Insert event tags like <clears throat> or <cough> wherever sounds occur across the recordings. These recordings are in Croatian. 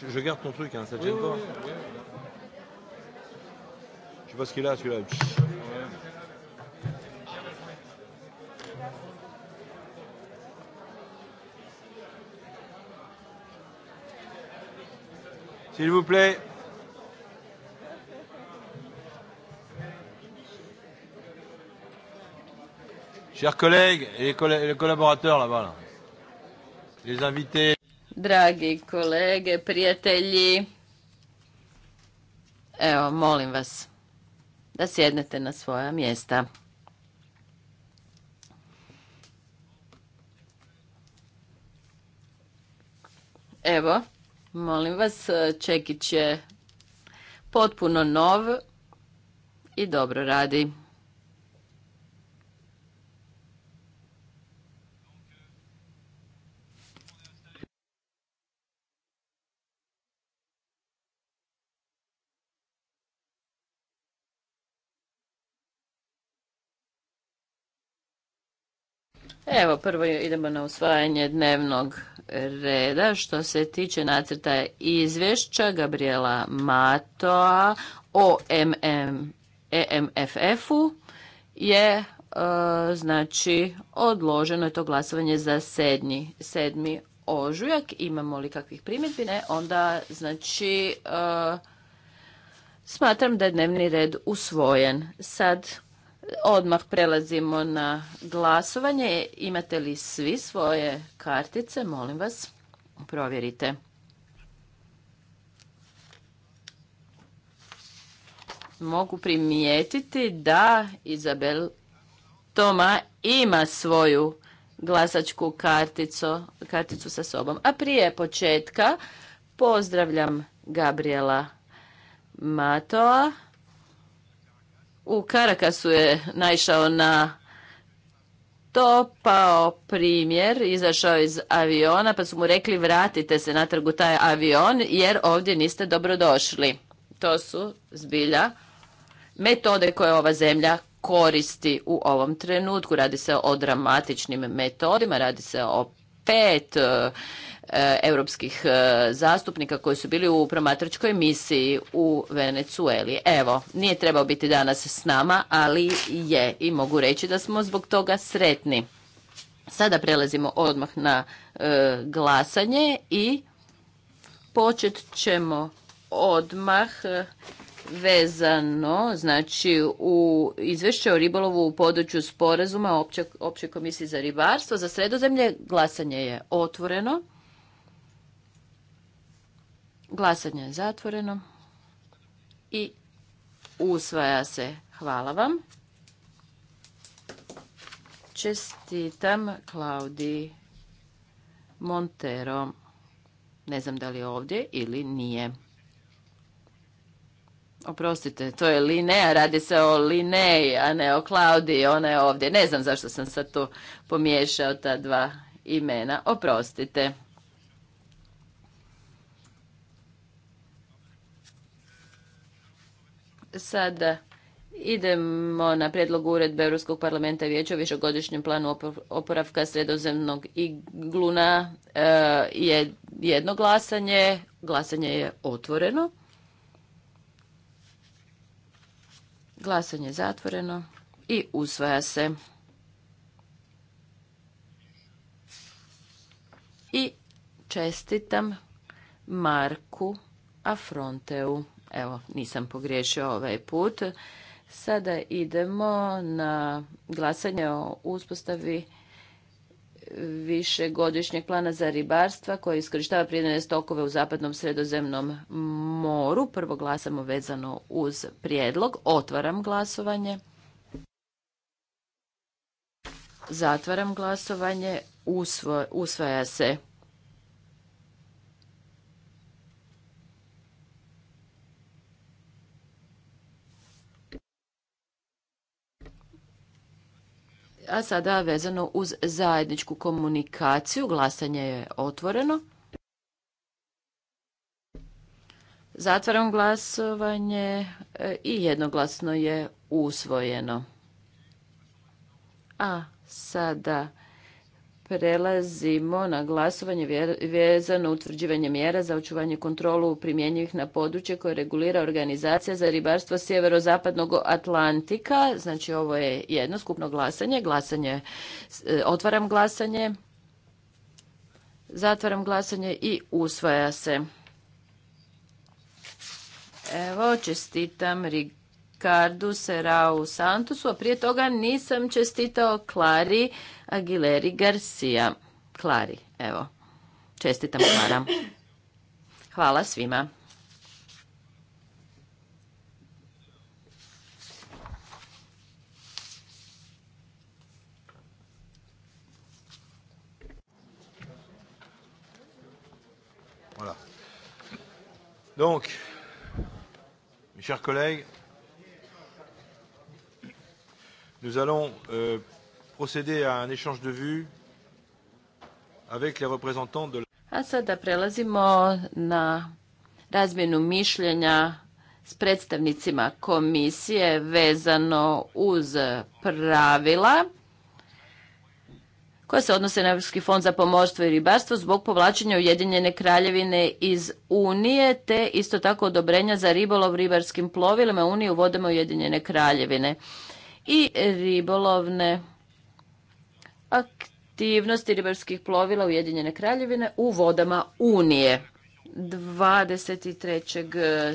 Je, garde ton truc, hein, ça te gêne oui, pas. Oui, oui, Je sais pas ce qu'il a celui-là. Ouais. S'il vous plaît. Chers collègues et les collaborateurs là-bas, là. les invités. Dragi kolege, prijatelji, evo, molim vas da sjednete na svoja mjesta. Evo, molim vas, Čekić je potpuno nov i dobro radi. Evo, prvo idemo na usvajanje dnevnog reda. Što se tiče nacrta izvješća Gabriela Matoa o EMFF-u je e, znači odloženo je to glasovanje za sedmi, sedmi ožujak. Imamo li kakvih primjedbi? Ne, onda znači e, smatram da je dnevni red usvojen. Sad Odmah prelazimo na glasovanje. Imate li svi svoje kartice? Molim vas, provjerite. Mogu primijetiti da Izabel Toma ima svoju glasačku karticu, sa sobom. A prije početka pozdravljam Gabriela Matoa u Karakasu je naišao na to pao primjer, izašao iz aviona pa su mu rekli vratite se natrag u taj avion jer ovdje niste dobrodošli. To su zbilja metode koje ova zemlja koristi u ovom trenutku. Radi se o dramatičnim metodima, radi se o pet E, europskih e, zastupnika koji su bili u promatračkoj misiji u Venecueli. Evo, nije trebao biti danas s nama, ali je i mogu reći da smo zbog toga sretni. Sada prelazimo odmah na e, glasanje i počet ćemo odmah vezano, znači u izvješće o ribolovu u području sporazuma opće, opće komisije za ribarstvo za sredozemlje glasanje je otvoreno. Glasanje je zatvoreno i usvaja se. Hvala vam. Čestitam Klaudi Montero. Ne znam da li je ovdje ili nije. Oprostite, to je Linea, radi se o Linei, a ne o Klaudi, ona je ovdje. Ne znam zašto sam sad tu pomiješao ta dva imena. Oprostite. Sada idemo na prijedlog uredbe Europskog parlamenta i vijeća o višegodišnjem planu oporavka sredozemnog igluna gluna e, je jedno glasanje. Glasanje je otvoreno. Glasanje je zatvoreno i usvaja se. I čestitam Marku Afronteu. Evo, nisam pogriješio ovaj put. Sada idemo na glasanje o uspostavi višegodišnjeg plana za ribarstva koji iskorištava prirodne stokove u zapadnom sredozemnom moru. Prvo glasamo vezano uz prijedlog. Otvaram glasovanje. Zatvaram glasovanje. usvaja se A sada vezano uz zajedničku komunikaciju, glasanje je otvoreno. Zatvaram glasovanje e, i jednoglasno je usvojeno. A sada Prelazimo na glasovanje vezano utvrđivanje mjera za očuvanje kontrolu primjenjivih na područje koje regulira organizacija za ribarstvo sjeverozapadnog Atlantika. Znači ovo je jedno skupno glasanje. Glasanje, e, otvaram glasanje, zatvaram glasanje i usvaja se. Evo, čestitam Ricardo Serau Santosu, a prije toga nisam čestitao Klari Aguileri Garcia. Klari, evo. Čestitam Klara. Hvala svima. Donc, mes chers collègues, Nous allons euh, procéder à un échange de vues avec les représentants de A sada prelazimo na razmjenu mišljenja s predstavnicima komisije vezano uz pravila koja se odnose na Europski fond za pomorstvo i ribarstvo zbog povlačenja Ujedinjene kraljevine iz Unije, te isto tako odobrenja za ribolov ribarskim plovilima Unije u vodama Ujedinjene kraljevine i ribolovne aktivnosti ribarskih plovila Ujedinjene kraljevine u vodama Unije. 23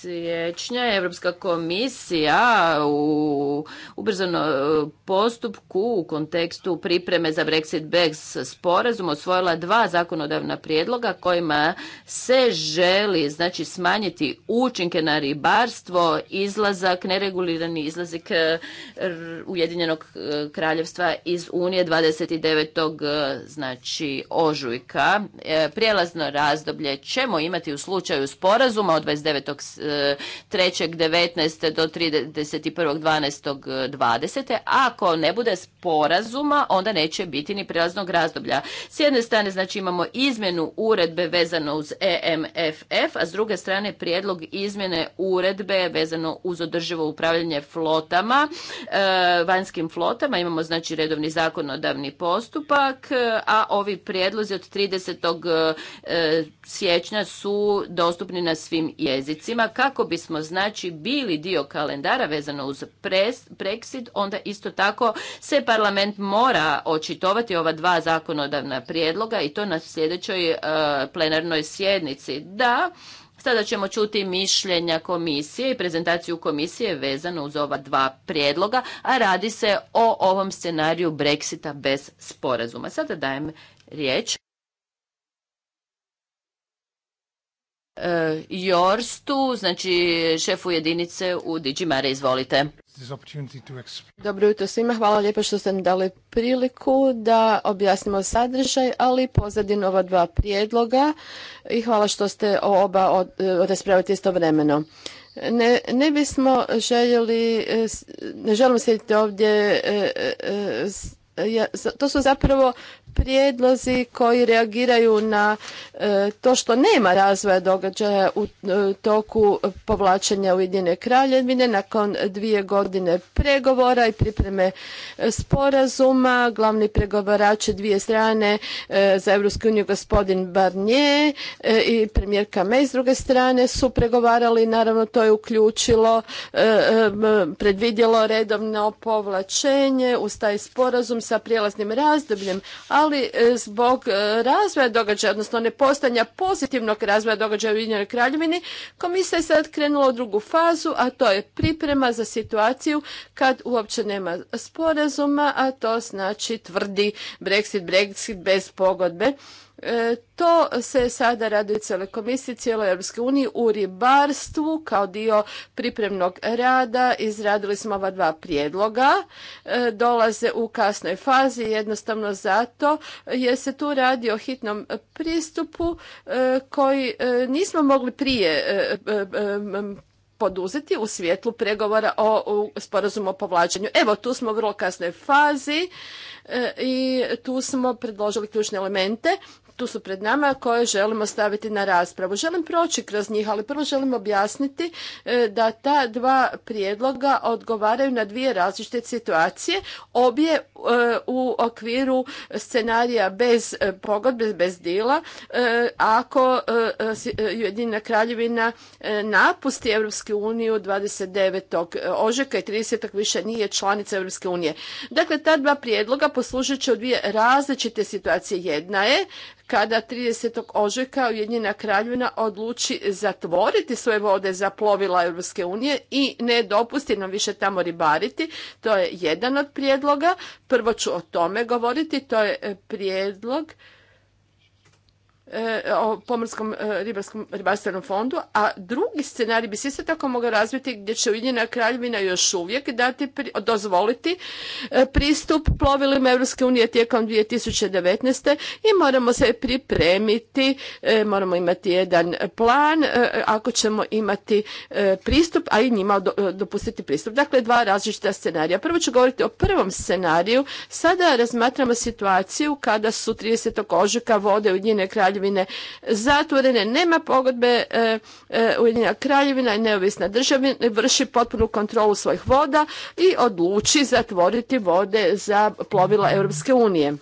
siječnja Europska komisija u ubrzano e, postupku u kontekstu pripreme za Brexit bez sporazum osvojila dva zakonodavna prijedloga kojima se želi znači smanjiti učinke na ribarstvo, izlazak, neregulirani izlazak e, Ujedinjenog e, kraljevstva iz Unije 29. znači ožujka. Prijelazno razdoblje ćemo imati u slučaju sporazuma od 29. 3.19. do 31.12.20. Ako ne bude sporazuma, onda neće biti ni prijelaznog razdoblja. S jedne strane, znači, imamo izmjenu uredbe vezano uz EMFF, a s druge strane prijedlog izmjene uredbe vezano uz održivo upravljanje flotama, e, vanjskim flotama. Imamo, znači, redovni zakonodavni postupak, a ovi prijedlozi od 30. E, siječnja su dostupni na svim jezicima kako bismo znači bili dio kalendara vezano uz Brexit, onda isto tako se parlament mora očitovati ova dva zakonodavna prijedloga i to na sljedećoj e, plenarnoj sjednici. Da, Sada ćemo čuti mišljenja komisije i prezentaciju komisije vezano uz ova dva prijedloga, a radi se o ovom scenariju Brexita bez sporazuma. Sada dajem riječ Eh, Jorstu, znači šefu jedinice u Digimare. Izvolite. Dobro jutro svima, hvala lijepo što ste mi dali priliku da objasnimo sadržaj, ali pozadinu ova dva prijedloga i hvala što ste oba od, eh, istovremeno. Ne, ne bismo željeli, eh, ne želimo sjediti ovdje to su zapravo prijedlozi koji reagiraju na e, to što nema razvoja događaja u e, toku povlačenja Ujedinjene kraljevine nakon dvije godine pregovora i pripreme e, sporazuma. Glavni pregovarači dvije strane za EU gospodin Barnier i premijerka May s druge strane su pregovarali. Naravno to je uključilo, predvidjelo redovno povlačenje uz taj sporazum sa prijelaznim razdobljem, a ali e, zbog e, razvoja događaja, odnosno nepostanja pozitivnog razvoja događaja u Ujedinjenoj kraljevini, komisija je sad krenula u drugu fazu, a to je priprema za situaciju kad uopće nema sporazuma, a to znači tvrdi Brexit, Brexit bez pogodbe. E, to se sada radi u cijeloj komisiji, cijeloj Europske uniji, u ribarstvu kao dio pripremnog rada. Izradili smo ova dva prijedloga. E, dolaze u kasnoj fazi jednostavno zato jer se tu radi o hitnom pristupu e, koji nismo mogli prije poduzeti u svjetlu pregovora o sporazumu o povlačenju. Evo, tu smo u vrlo kasnoj fazi i tu smo predložili ključne elemente tu su pred nama koje želimo staviti na raspravu. Želim proći kroz njih, ali prvo želim objasniti e, da ta dva prijedloga odgovaraju na dvije različite situacije, obje e, u okviru scenarija bez e, pogodbe, bez dila, ako Ujedinjena kraljevina napusti Europsku uniju 29. ožeka i 30. više nije članica Europske unije. Dakle, ta dva prijedloga poslužit će u dvije različite situacije. Jedna je kada 30. ožujka Ujedinjena kraljevina odluči zatvoriti svoje vode za plovila Europske unije i ne dopusti nam više tamo ribariti. To je jedan od prijedloga. Prvo ću o tome govoriti. To je prijedlog E, o pomorskom e, ribarskom ribarstvenom fondu, a drugi scenarij bi se isto tako mogao razviti gdje će Ujedinjena kraljevina još uvijek dati, dozvoliti e, pristup plovilima Europske unije tijekom 2019. i moramo se pripremiti, moramo imati jedan plan ako ćemo imati pristup, a i njima dopustiti pristup. Dakle, dva različita scenarija. Prvo ću govoriti o prvom scenariju. Sada razmatramo situaciju kada su 30. ožuka vode Ujedinjene kraljevine Kraljevine zatvorene, nema pogodbe e, e Ujedinjena Kraljevina i neovisna država vrši potpunu kontrolu svojih voda i odluči zatvoriti vode za plovila Europske unije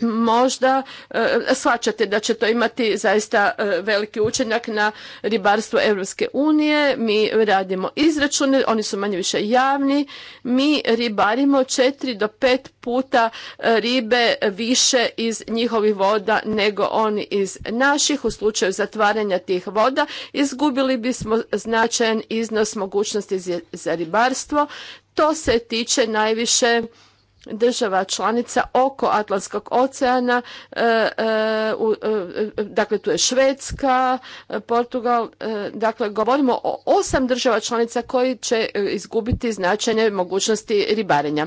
možda e, shvaćate da će to imati zaista e, veliki učinak na ribarstvo Europske unije. Mi radimo izračune, oni su manje više javni. Mi ribarimo četiri do pet puta e, ribe više iz njihovih voda nego oni iz naših. U slučaju zatvaranja tih voda izgubili bismo značajan iznos mogućnosti za ribarstvo. To se tiče najviše država članica oko Atlantskog oceana, e, e, e, dakle tu je Švedska, Portugal, dakle govorimo o osam država članica koji će izgubiti značajne mogućnosti ribarenja.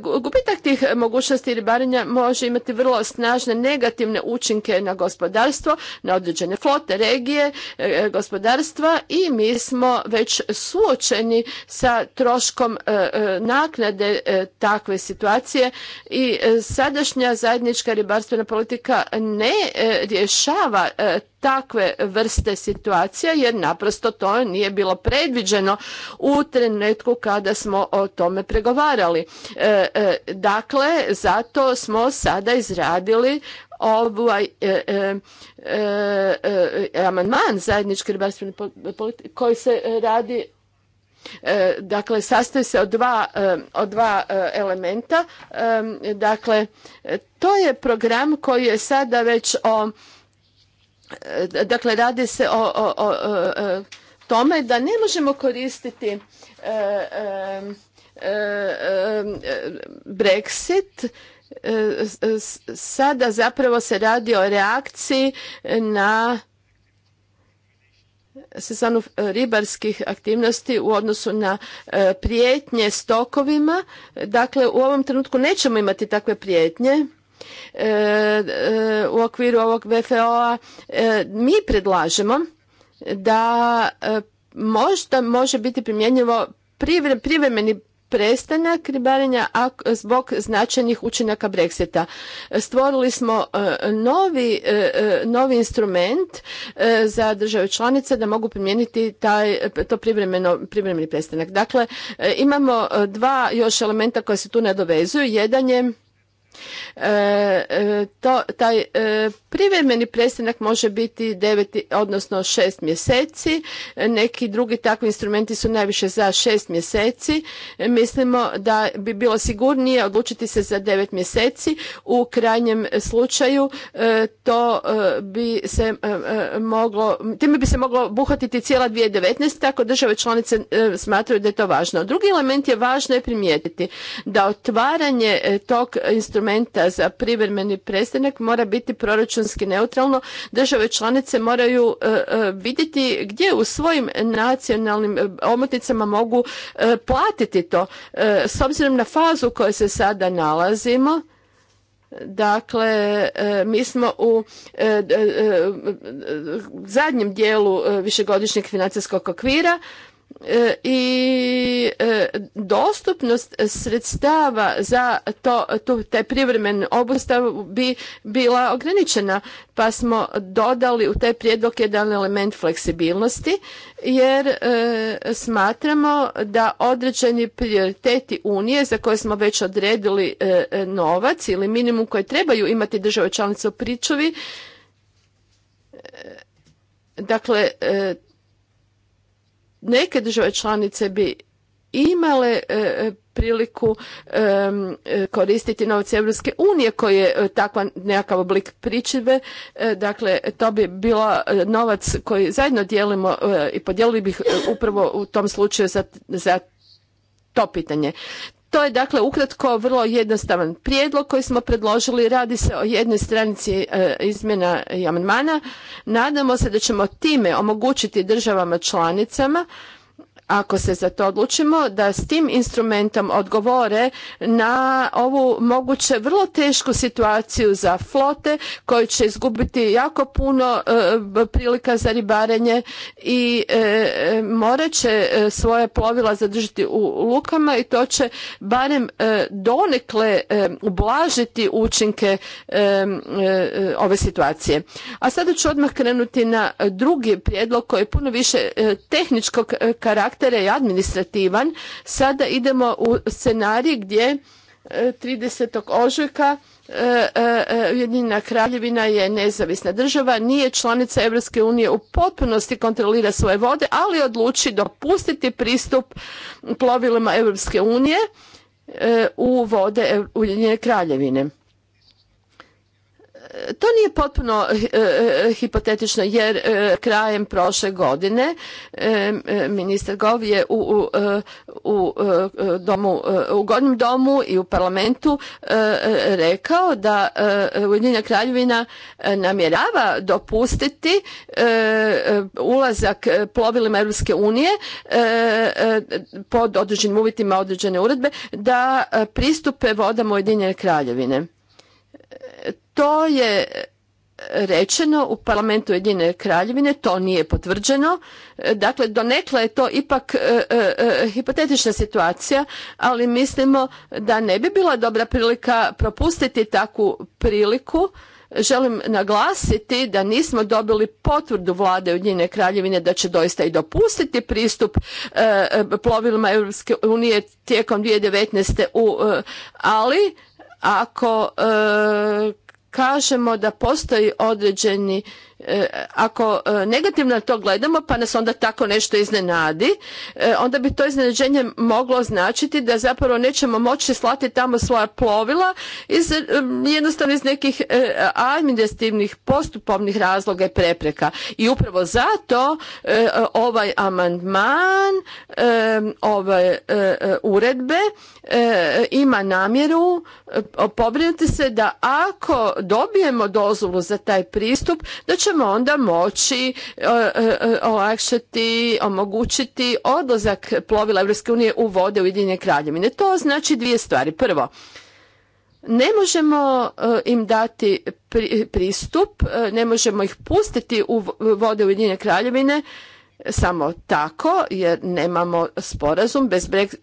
Gubitak tih mogućnosti ribarenja može imati vrlo snažne negativne učinke na gospodarstvo, na određene flote, regije, gospodarstva i mi smo već suočeni sa troškom naknade takve situacije i e, sadašnja zajednička ribarstvena politika ne e, rješava e, takve vrste situacija jer naprosto to nije bilo predviđeno u trenutku kada smo o tome pregovarali. Dakle, zato smo sada izradili ovaj amandman zajedničke ribarstvene politike koji se radi E, dakle, sastoji se od dva, e, e, elementa. Dakle, to je program koji je sada već o... Dakle, radi se o, tome da ne možemo koristiti Brexit sada zapravo se radi o reakciji na sezonu e, ribarskih aktivnosti u odnosu na e, prijetnje stokovima. Dakle, u ovom trenutku nećemo imati takve prijetnje. E, u okviru ovog VFO-a mi predlažemo da možda može biti primjenjivo privremeni prestanak ribarenja zbog značajnih učinaka Brexita. Stvorili smo e, novi, e, e, novi instrument za države članice da mogu primijeniti taj, to privremeno, privremeni prestanak. Dakle, imamo dva još elementa koja se tu nadovezuju. Jedan je E, e, to, taj e, privremeni prestanak može biti 9, odnosno šest mjeseci. E, neki drugi takvi instrumenti su najviše za šest mjeseci. E, mislimo da bi bilo sigurnije odlučiti se za devet mjeseci. U krajnjem slučaju to bi se moglo, time bi se moglo obuhvatiti cijela 2019. Tako države članice smatraju da je to važno. Drugi element je važno je primijetiti da otvaranje tog instrumenta instrumenta za privremeni prestanak mora biti proračunski neutralno. Države članice moraju e, e, vidjeti gdje u svojim nacionalnim e, omotnicama mogu platiti to. S obzirom na fazu u kojoj se sada nalazimo, Dakle, mi smo u zadnjem dijelu višegodišnjeg financijskog okvira E, i e, dostupnost sredstava za to, taj privremen obustav bi bila ograničena, pa smo dodali u taj prijedlog jedan element fleksibilnosti, jer e, smatramo da određeni prioriteti Unije za koje smo već odredili e, novac ili minimum koje trebaju imati države članice u pričuvi, dakle, neke države članice bi imale e, e, priliku e, koristiti novce Europske unije koji je takva nekakav oblik pričive. dakle, to bi bila novac koji zajedno dijelimo i podijelili bih upravo u tom slučaju za, za to pitanje. To je dakle ukratko vrlo jednostavan prijedlog koji smo predložili. Radi se o jednoj stranici e, izmjena i amandmana. Nadamo se da ćemo time omogućiti državama članicama ako se za to odlučimo, da s tim instrumentom odgovore na ovu moguće vrlo tešku situaciju za flote koji će izgubiti jako puno e, prilika za ribarenje i e, e, morat će svoje plovila zadržati u lukama i to će barem donekle ublažiti učinke ove situacije. A sada ću odmah krenuti na drugi prijedlog koji je puno više tehničkog karaktera ter je administrativan. Sada idemo u scenarij gdje 30. E, ožujka e, e, Ujedinjena kraljevina je nezavisna država, nije članica Evropske unije u potpunosti kontrolira svoje vode, ali odluči dopustiti pristup plovilima Evropske unije u vode Ujedinjene kraljevine to nije potpuno eh, eh, hipotetično jer eh, krajem prošle godine ministar Gov je u, u, domu, Gornjem domu i u parlamentu rekao da Ujedinjena kraljevina namjerava dopustiti ulazak plovilima Europske unije pod određenim uvjetima određene uredbe da pristupe vodama Ujedinjene kraljevine to je rečeno u parlamentu Jedine kraljevine, to nije potvrđeno. Dakle, donekle je to ipak e, e, e, hipotetična situacija, ali mislimo da ne bi bila dobra prilika propustiti takvu priliku. Želim naglasiti da nismo dobili potvrdu vlade Ujedinjene kraljevine da će doista i dopustiti pristup e, plovilima Europske unije tijekom 2019. U, ali ako e, kažemo da postoji određeni E, ako e, negativno to gledamo pa nas onda tako nešto iznenadi, e, onda bi to iznenađenje moglo značiti da zapravo nećemo moći slati tamo svoja plovila iz, jednostavno iz nekih administrativnih postupovnih razloga i prepreka. I upravo zato ovaj amandman ove uredbe ima namjeru pobrinuti se da ako dobijemo dozvolu za taj pristup, da će onda moći e, e, e, olakšati, omogućiti odlazak plovila EU unije u vode Ujedinjene kraljevine. To znači dvije stvari. Prvo, ne možemo im dati pristup, ne možemo ih pustiti u vode Ujedinjene kraljevine samo tako jer nemamo sporazum bez brek,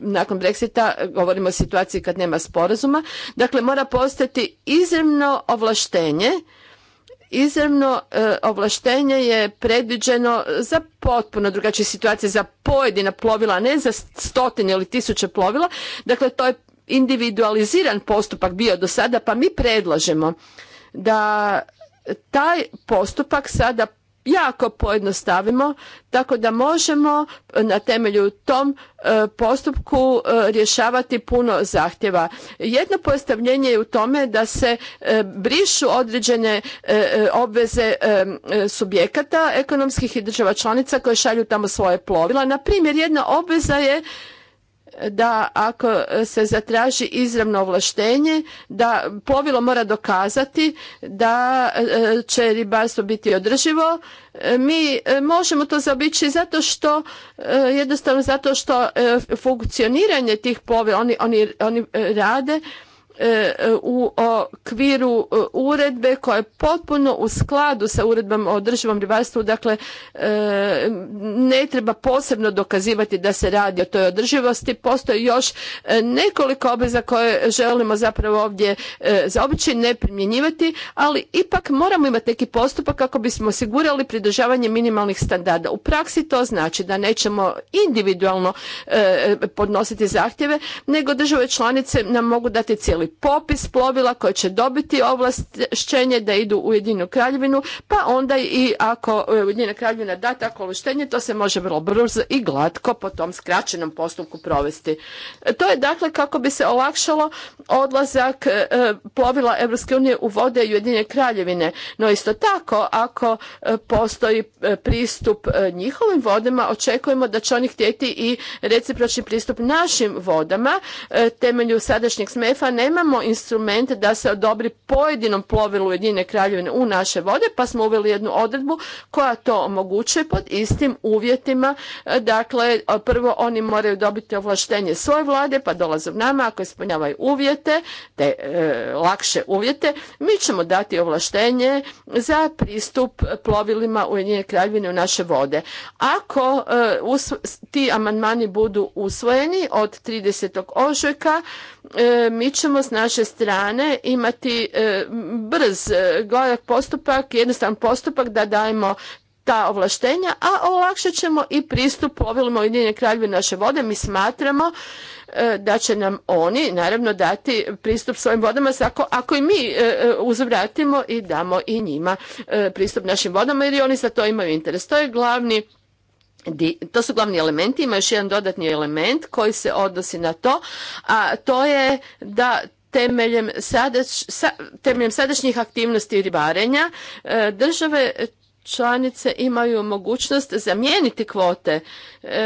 nakon Brexita govorimo o situaciji kad nema sporazuma dakle mora postati izravno ovlaštenje izravno e, ovlaštenje je predviđeno za potpuno drugačije situacije, za pojedina plovila, a ne za stotine ili tisuće plovila. Dakle, to je individualiziran postupak bio do sada, pa mi predlažemo da taj postupak sada jako pojednostavimo tako da možemo e, na temelju tom e, postupku e, rješavati puno zahtjeva. Jedno pojednostavljenje je u tome da se brišu određene obveze subjekata ekonomskih i država članica koje šalju tamo svoje plovila. Na primjer, jedna obveza je da ako se zatraži izravno ovlaštenje, da plovilo mora dokazati da e, će ribarstvo biti održivo. E, mi e, možemo to zaobići zato što jednostavno zato što funkcioniranje tih plovila oni, oni rade E, e, u okviru e, uredbe koja je potpuno u skladu sa uredbom o održivom ribarstvu, dakle ne treba posebno dokazivati da se radi o toj održivosti. Postoji još nekoliko obveza koje želimo zapravo ovdje zaobići, ne primjenjivati, ali ipak moramo imati neki postupak kako bismo osigurali pridržavanje minimalnih standarda. U praksi to znači da nećemo individualno podnositi zahtjeve, nego države članice nam mogu dati cijeli popis plovila koje će dobiti ovlašćenje da idu u Ujedinjenu kraljevinu, pa onda i ako e, Ujedinjena kraljevina da tako ovlaštenje, to se može vrlo brzo i glatko po tom skraćenom postupku provesti. E, to je dakle kako bi se olakšalo odlazak e, plovila EU u vode Ujedinjene kraljevine. No isto tako, ako postoji pristup njihovim vodama, očekujemo da će oni htjeti i recipročni pristup našim vodama. Temelju sadašnjeg smefa ne nemamo instrumente da se odobri pojedinom plovilu Ujedinjene kraljevine u naše vode, pa smo uveli jednu odredbu koja to omogućuje pod istim uvjetima. E, dakle, prvo oni moraju dobiti ovlaštenje svoje vlade, pa dolaze u nama ako ispunjavaju uvjete, te e, lakše uvjete, mi ćemo dati ovlaštenje za pristup plovilima Ujedinjene kraljevine u naše vode. Ako e, ti amandmani budu usvojeni od 30. ožujka, E, mi ćemo s naše strane imati e, brz, e, gorak postupak, jednostavan postupak da dajemo ta ovlaštenja, a olakšat ćemo i pristup plovilima Ujedinjene kraljevine naše vode. Mi smatramo da će nam oni naravno dati pristup svojim vodama ako, ako i mi uzvratimo i damo i njima pristup našim vodama jer i oni za to imaju interes. To je glavni to su glavni elementi. Ima još jedan dodatni element koji se odnosi na to, a to je da temeljem, temeljem sadašnjih aktivnosti ribarenja e, države članice imaju mogućnost zamijeniti kvote. E,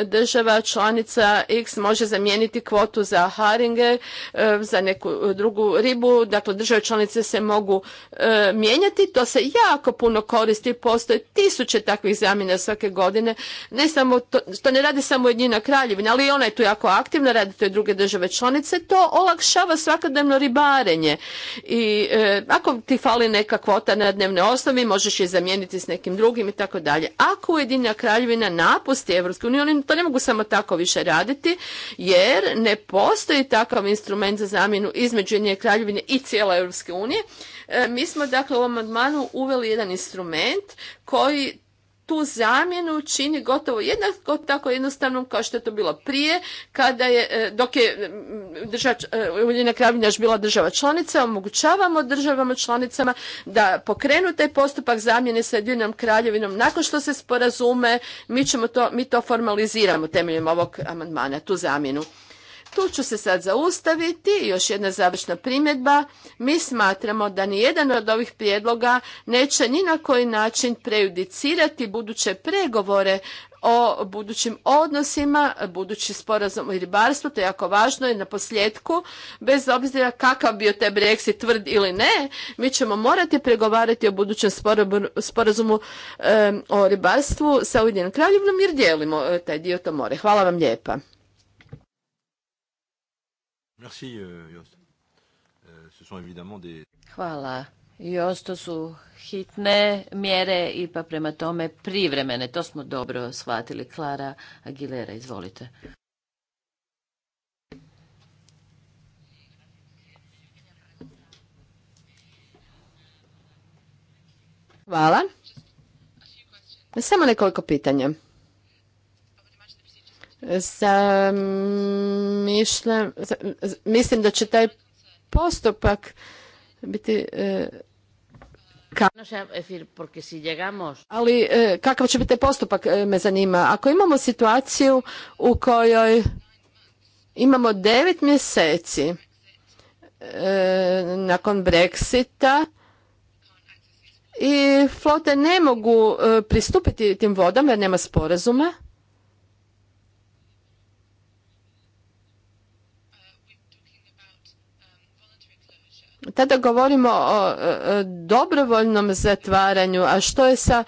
e, država članica X može zamijeniti kvotu za haringe, e, za neku drugu ribu, dakle države članice se mogu mijenjati, to se jako puno koristi, postoje tisuće takvih zamjena svake godine, ne samo to, to ne radi samo jednina kraljevina, ali ona je tu jako aktivna, radi to i druge države članice, to olakšava svakodnevno ribarenje i ako ti fali neka kvota na dnevne osnovi, možeš je zamijeniti s nekim drugim i tako dalje. Ako Ujedinjena kraljevina napusti Evropsku uniju, oni to ne mogu samo tako više raditi, jer ne postoji takav instrument za zamjenu između Ujedinjene kraljevine i cijela Evropske unije. E, mi smo dakle u ovom amandmanu uveli jedan instrument koji tu zamjenu čini gotovo jednako tako jednostavnom kao što je to bilo prije, kada je, e, dok je e, Ujedinjena Kraljevina bila država članica, omogućavamo državama članicama da pokrenu taj postupak zamjene sa Ujedinjenom Kraljevinom nakon što se sporazume, mi to formaliziramo temeljem ovog amandmana, tu zamjenu. Tu ću se sad zaustaviti. Još jedna završna primjedba. Mi smatramo da ni jedan od ovih prijedloga neće ni na koji način prejudicirati buduće pregovore o budućim odnosima, budući sporazum o ribarstvu, to je jako važno i na posljedku, bez obzira kakav bio te Brexit tvrd ili ne, mi ćemo morati pregovarati o budućem sporazumu o ribarstvu sa Ujedinom kraljevnom jer dijelimo e, taj dio to more. Hvala vam lijepa. Merci, euh, Jost. Euh, Hvala. Jost, to su hitne mjere i pa prema tome privremene. To smo dobro shvatili. Klara Aguilera, izvolite. Hvala. Samo nekoliko pitanja. Sa, mm, mislim da će taj postupak biti e, ali e, kakav će biti postupak e, me zanima ako imamo situaciju u kojoj imamo devet mjeseci nakon Brexita i flote ne mogu pristupiti tim vodama jer nema sporazuma tada govorimo o dobrovoljnom zatvaranju, a što je sa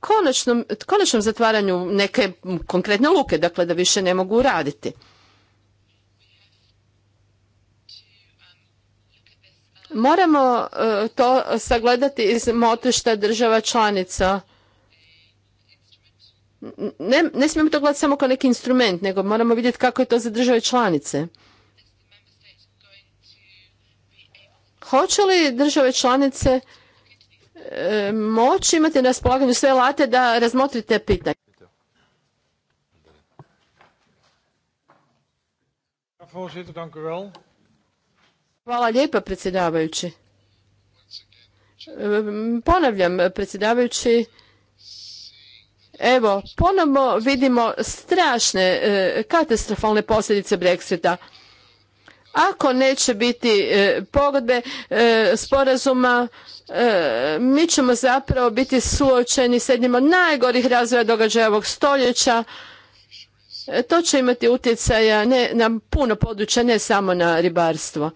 konačnom, konačnom zatvaranju neke konkretne luke, dakle da više ne mogu raditi. Moramo e, to sagledati iz motišta država članica. Ne, ne smijemo to gledati samo kao neki instrument, nego moramo vidjeti kako je to za države članice. Hoće li države članice e, moći imati na raspolaganju sve late da razmotrite pitanje? Hvala lijepa predsjedavajući. E, ponavljam predsjedavajući, evo ponovno vidimo strašne e, katastrofalne posljedice Brexita. Ako neće biti e, pogodbe e, sporazuma, e, mi ćemo zapravo biti suočeni s jednim od najgorih razvoja događaja ovog stoljeća. To će imati utjecaja ne, na puno područja, ne samo na ribarstvo.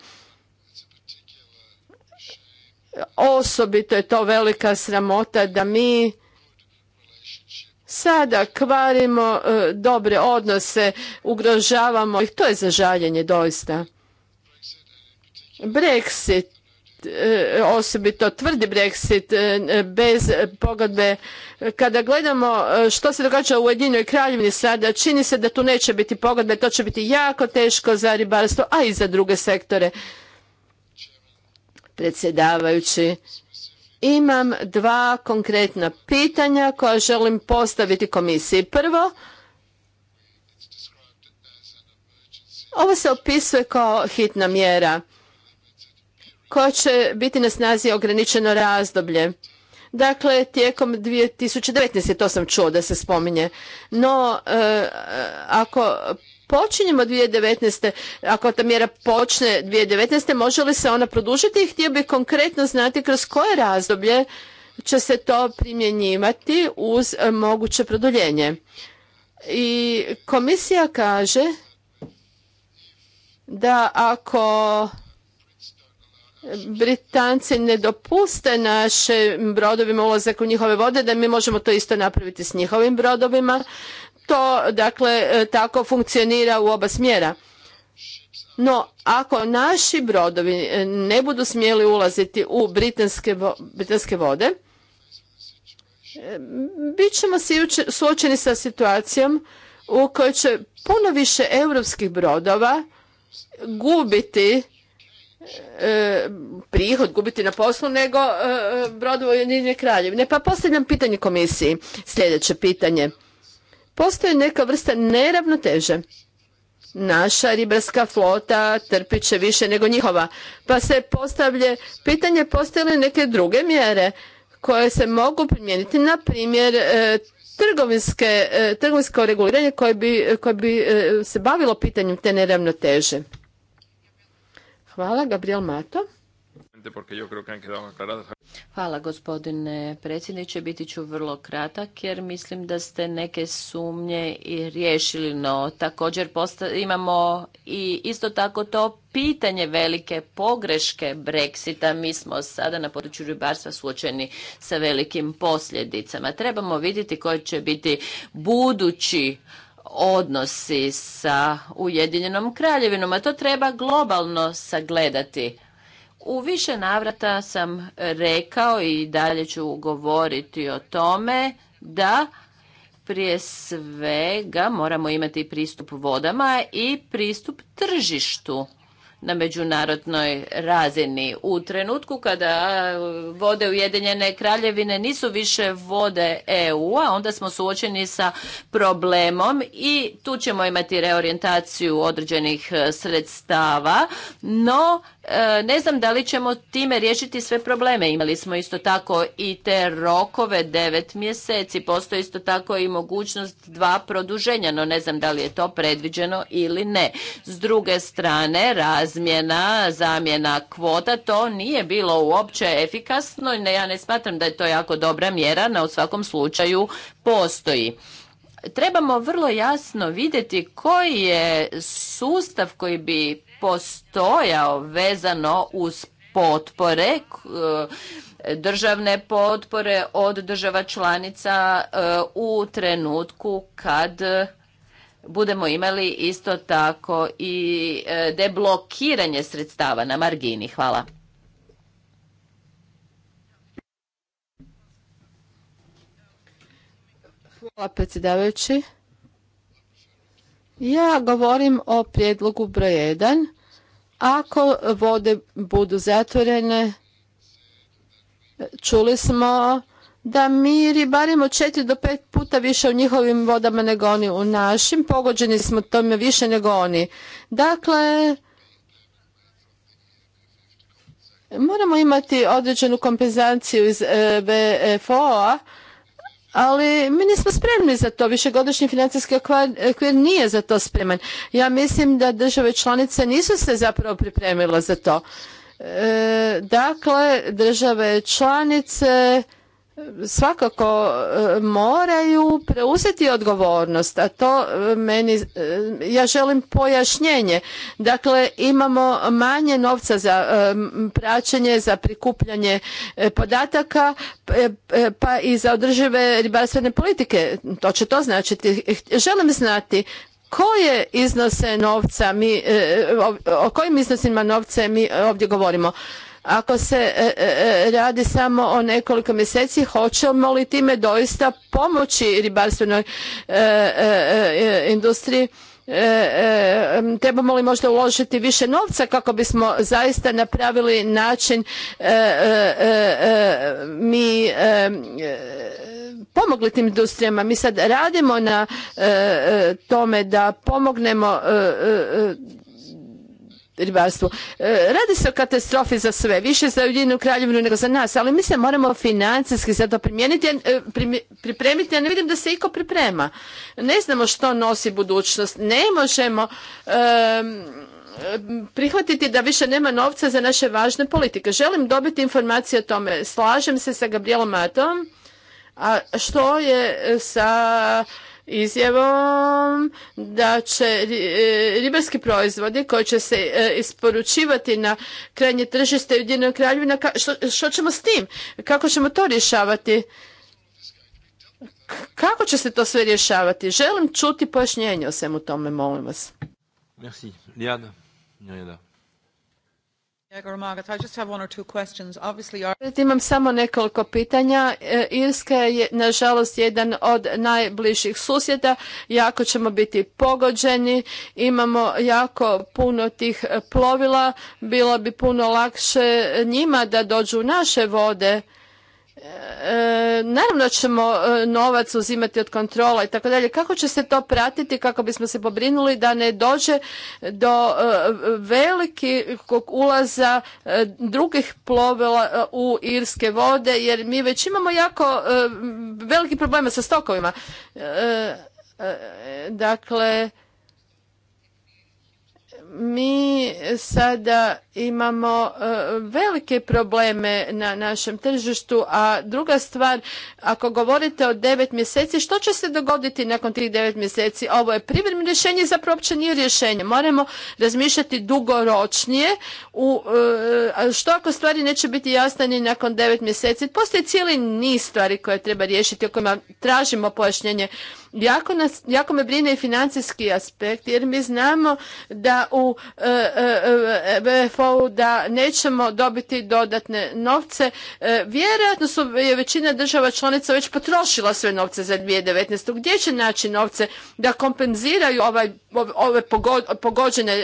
Osobito je to velika sramota da mi sada kvarimo dobre odnose, ugrožavamo ih, to je zažaljenje doista. Brexit eh, osobito tvrdi Brexit eh, bez pogodbe. Kada gledamo eh, što se događa u Ujedinjenoj kraljevini sada, čini se da tu neće biti pogodbe, to će biti jako teško za ribarstvo, a i za druge sektore. Predsjedavajući, imam dva konkretna pitanja koja želim postaviti komisiji. Prvo, ovo se opisuje kao hitna mjera koja će biti na snazi ograničeno razdoblje. Dakle, tijekom 2019. to sam čuo da se spominje. No, e, ako počinjemo 2019. Ako ta mjera počne 2019. može li se ona produžiti? I htio bih konkretno znati kroz koje razdoblje će se to primjenjivati uz moguće produljenje. I komisija kaže da ako Britanci ne dopuste našim brodovima ulazak u njihove vode, da mi možemo to isto napraviti s njihovim brodovima. To, dakle, e, tako funkcionira u oba smjera. No, ako naši brodovi e, ne budu smjeli ulaziti u britanske, vode, e, bit ćemo suočeni sa situacijom u kojoj će puno više europskih brodova gubiti E, prihod gubiti na poslu nego e, e, brodovo Ujedinjene kraljevine. Pa postavljam pitanje komisiji. Sljedeće pitanje. postoje neka vrsta neravnoteže. Naša ribarska flota trpit će više nego njihova. Pa se postavlje pitanje postoje li neke druge mjere koje se mogu primijeniti na primjer trgovinske, trgovinsko reguliranje bi, koje bi se bavilo pitanjem te neravnoteže. Hvala, Gabriel Mato. Hvala gospodine predsjedniče, biti ću vrlo kratak jer mislim da ste neke sumnje i riješili, no također imamo i isto tako to pitanje velike pogreške Brexita. Mi smo sada na području ribarstva suočeni sa velikim posljedicama. Trebamo vidjeti koji će biti budući odnosi sa Ujedinjenom kraljevinom, a to treba globalno sagledati. U više navrata sam rekao i dalje ću govoriti o tome da prije svega moramo imati pristup vodama i pristup tržištu na međunarodnoj razini. U trenutku kada vode Ujedinjene kraljevine nisu više vode EU-a, onda smo suočeni sa problemom i tu ćemo imati reorientaciju određenih e, sredstava, no E, ne znam da li ćemo time riješiti sve probleme. Imali smo isto tako i te rokove devet mjeseci. Postoji isto tako i mogućnost dva produženja, no ne znam da li je to predviđeno ili ne. S druge strane, razmjena, zamjena kvota, to nije bilo uopće efikasno i ja ne smatram da je to jako dobra mjera, no u svakom slučaju postoji trebamo vrlo jasno vidjeti koji je sustav koji bi postojao vezano uz potpore e, državne potpore od država članica e, u trenutku kad budemo imali isto tako i e, deblokiranje sredstava na margini. Hvala. Hvala predsjedavajući. Ja govorim o prijedlogu broj 1 ako vode budu zatvorene, čuli smo da mi ribarimo četiri do pet puta više u njihovim vodama nego oni u našim. Pogođeni smo tome više nego oni. Dakle, moramo imati određenu kompenzaciju iz BFO-a e, ali mi nismo spremni za to. Višegodišnji financijski okvir nije za to spreman. Ja mislim da države članice nisu se zapravo pripremile za to. E, dakle, države članice svakako e, moraju preuzeti odgovornost, a to e, meni, e, ja želim pojašnjenje. Dakle, imamo manje novca za praćenje, za prikupljanje podataka, pa i za održive ribarstvene politike. To će to značiti. Želim znati koje iznose novca mi, o kojim iznosima novca mi ovdje govorimo. Ako se radi samo o nekoliko mjeseci, hoćemo li time doista pomoći ribarstvenoj industriji? trebamo li možda uložiti više novca kako bismo zaista napravili način mi pomogli tim industrijama. Mi sad radimo na tome da pomognemo ribarstvu. E, radi se o katastrofi za sve, više za Ujedinu kraljevinu nego za nas, ali mi se moramo financijski za to primijeniti, e, pripremiti, ja ne vidim da se iko priprema. Ne znamo što nosi budućnost, ne možemo prihvatiti da više nema novca za naše važne politike. Želim dobiti informacije o tome. Slažem se sa Gabrielom Matom, a što je sa izjavom da će e, ribarski proizvodi koji će se e, isporučivati na krajnje tržište Ujedinjene Kraljevina što, ćemo s tim? Kako ćemo to rješavati? Kako će se to sve rješavati? Želim čuti pojašnjenje o svemu tome, molim vas. Merci. Imam samo nekoliko pitanja. E, Irska je, nažalost, jedan od najbližih susjeda. Jako ćemo biti pogođeni. Imamo jako puno tih plovila. Bilo bi puno lakše njima da dođu u naše vode E, naravno ćemo e, novac uzimati od kontrola i tako dalje. Kako će se to pratiti kako bismo se pobrinuli da ne dođe do e, velikog ulaza drugih plovila u irske vode jer mi već imamo jako veliki problema sa stokovima. Dakle, mi sada imamo e, velike probleme na našem tržištu, a druga stvar, ako govorite o devet mjeseci, što će se dogoditi nakon tih devet mjeseci? Ovo je privremeno rješenje, zapravo uopće nije rješenje. Moramo razmišljati dugoročnije, u, e, što ako stvari neće biti jasne ni nakon devet mjeseci. Postoji cijeli niz stvari koje treba riješiti, o kojima tražimo pojašnjenje Jako, nas, jako me brine i financijski aspekt jer mi znamo da u BFO-u e, e, e, da nećemo dobiti dodatne novce. Vjerojatno su je većina država članica već potrošila sve novce za 2019. Gdje će naći novce da kompenziraju ovaj, ove pogođene,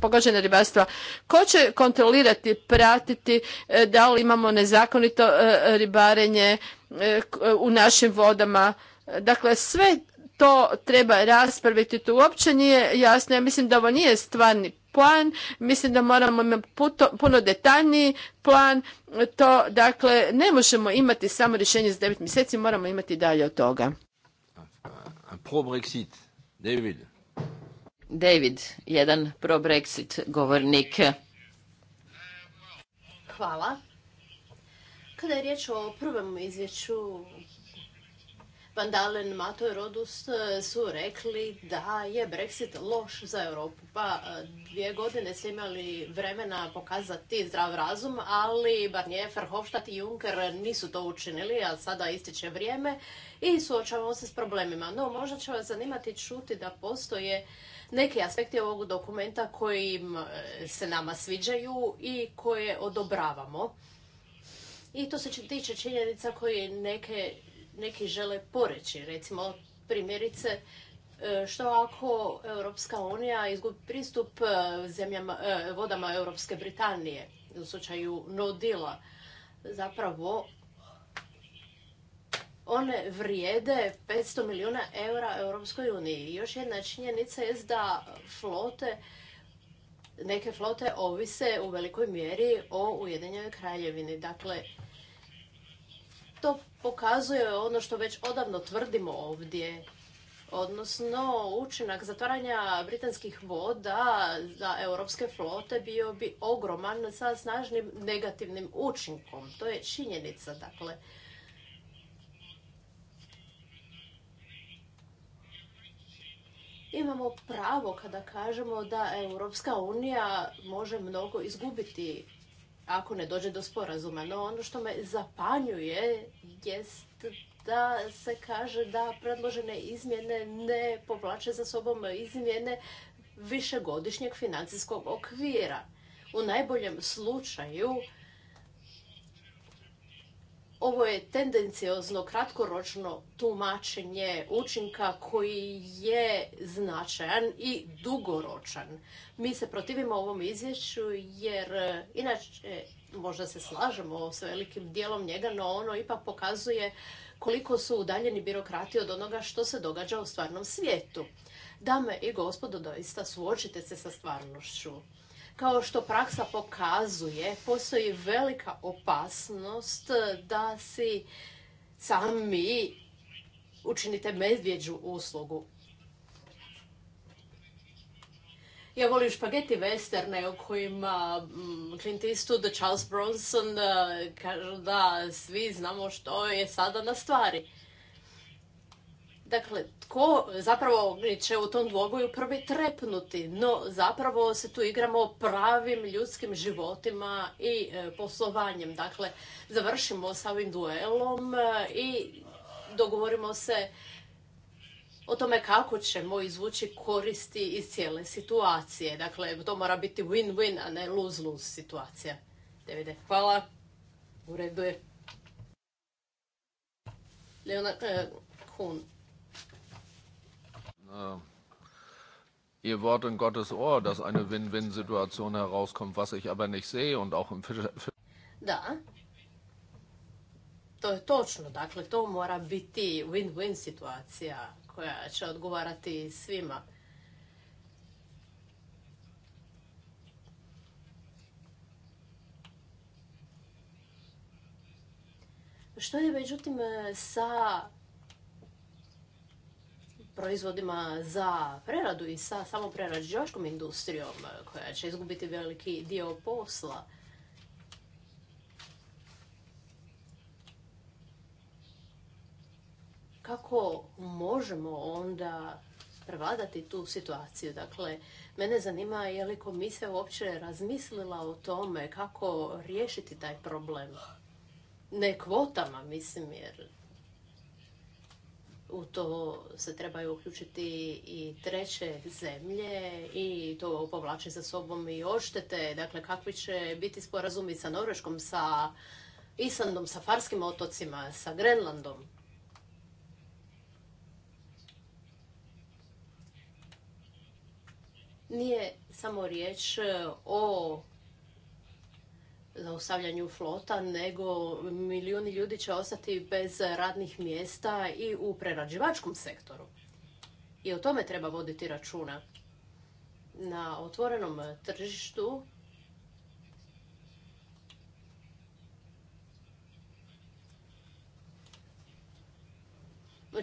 pogođene ribarstva? Ko će kontrolirati, pratiti da li imamo nezakonito ribarenje u našim vodama? Dakle, sve to treba raspraviti, to uopće nije jasno. Ja mislim da ovo nije stvarni plan, mislim da moramo imati puno detaljniji plan. To, dakle, ne možemo imati samo rješenje za devet mjeseci, moramo imati dalje od toga. Pro-Brexit, David. David, jedan pro-Brexit govornik. Hvala. Kada je riječ o prvom izvješću Vandalen, Mato i Rodus e, su rekli da je Brexit loš za Europu. Pa e, dvije godine su imali vremena pokazati zdrav razum, ali Barnier, Verhofstadt i Juncker nisu to učinili, a sada ističe vrijeme i suočavamo se s problemima. No, možda će vas zanimati čuti da postoje neki aspekti ovog dokumenta koji e, se nama sviđaju i koje odobravamo. I to se tiče činjenica koje neke neki žele poreći. Recimo, primjerice, e, što ako Europska unija izgubi pristup e, zemljama, e, vodama Europske Britanije u slučaju no deala? Zapravo, one vrijede 500 milijuna eura Europskoj uniji. Još jedna činjenica je da flote, neke flote ovise u velikoj mjeri o Ujedinjenoj kraljevini. Dakle, to pokazuje ono što već odavno tvrdimo ovdje, odnosno učinak zatvaranja britanskih voda za europske flote bio bi ogroman sa snažnim negativnim učinkom. To je činjenica, dakle. Imamo pravo kada kažemo da Europska unija može mnogo izgubiti ako ne dođe do sporazuma. No ono što me zapanjuje jest da se kaže da predložene izmjene ne povlače za sobom izmjene višegodišnjeg financijskog okvira. U najboljem slučaju ovo je tendenciozno, kratkoročno tumačenje učinka koji je značajan i dugoročan. Mi se protivimo ovom izvješću jer e, inače možda se slažemo s velikim dijelom njega, no ono ipak pokazuje koliko su udaljeni birokrati od onoga što se događa u stvarnom svijetu. Dame i gospodo, doista suočite se sa stvarnošću. Kao što praksa pokazuje, postoji velika opasnost e, da si sami učinite medvjeđu uslugu. Ja volim špageti westerne u kojima mm, Clint Eastwood, Charles Bronson e, kažu da svi znamo što je sada na stvari. Dakle, tko zapravo će u tom dvoboju prvi trepnuti, no zapravo se tu igramo pravim ljudskim životima i e, poslovanjem. Dakle, završimo sa ovim duelom e, i dogovorimo se o tome kako ćemo izvući koristi iz cijele situacije. Dakle, to mora biti win-win, a ne lose-lose situacija. hvala. U redu je. Leona, e, Äh, ihr Wort in Gottes Ohr, dass eine Win-Win-Situation herauskommt, was ich aber nicht sehe und auch im Fischer. Da. To je točno, dakle to mora biti win-win situacija koja će odgovarati svima. Što je međutim e, sa proizvodima za preradu i sa samo prerađivačkom industrijom e, koja će izgubiti veliki dio posla. Kako možemo onda prevladati tu situaciju? Dakle, mene zanima je li komisija uopće razmislila o tome kako riješiti taj problem. Ne kvotama, mislim, jer u to se trebaju uključiti i treće zemlje i to povlači za sobom i oštete. Dakle, kakvi će biti sporazumi sa Norveškom, sa Islandom, sa Farskim otocima, sa Grenlandom? Nije samo riječ o zaustavljanju flota, nego milijuni ljudi će ostati bez radnih mjesta i u prerađivačkom sektoru. I o tome treba voditi računa. Na otvorenom tržištu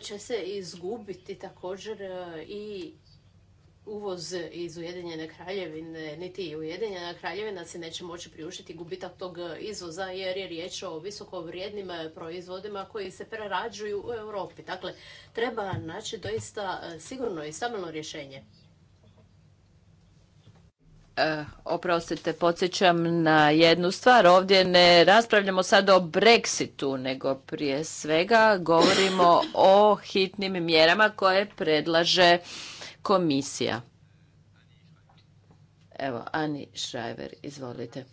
će se izgubiti također e, i uvoz iz Ujedinjene kraljevine, niti Ujedinjena kraljevina se neće moći priuštiti gubitak tog e, izvoza jer je riječ o visoko vrijednim e, proizvodima koji se prerađuju u Europi. Dakle, treba naći doista e, sigurno i stabilno rješenje. oprostite, podsjećam na jednu stvar. Ovdje ne raspravljamo sad o Brexitu, nego prije svega govorimo o hitnim mjerama koje predlaže komisija. Evo, Ani Šrajver, izvolite.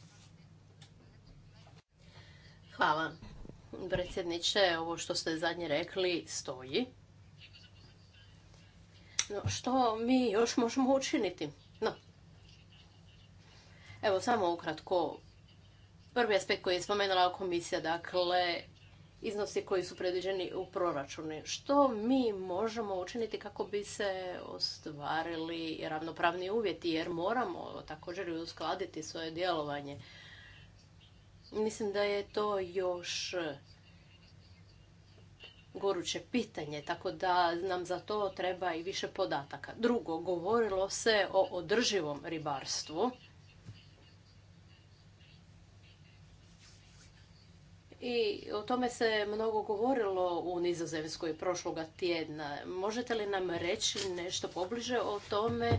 Hvala. Predsjedniče, ovo što ste zadnje rekli stoji. No, što mi još možemo učiniti? No. Evo, samo ukratko. Prvi aspekt koji je spomenula komisija, dakle, iznosi koji su predviđeni u proračunu. Što mi možemo učiniti kako bi se ostvarili ravnopravni uvjeti jer moramo također uskladiti svoje djelovanje. Mislim da je to još goruće pitanje, tako da nam za to treba i više podataka. Drugo, govorilo se o održivom ribarstvu i o tome se mnogo govorilo u Nizozemskoj prošloga tjedna. Možete li nam reći nešto pobliže o tome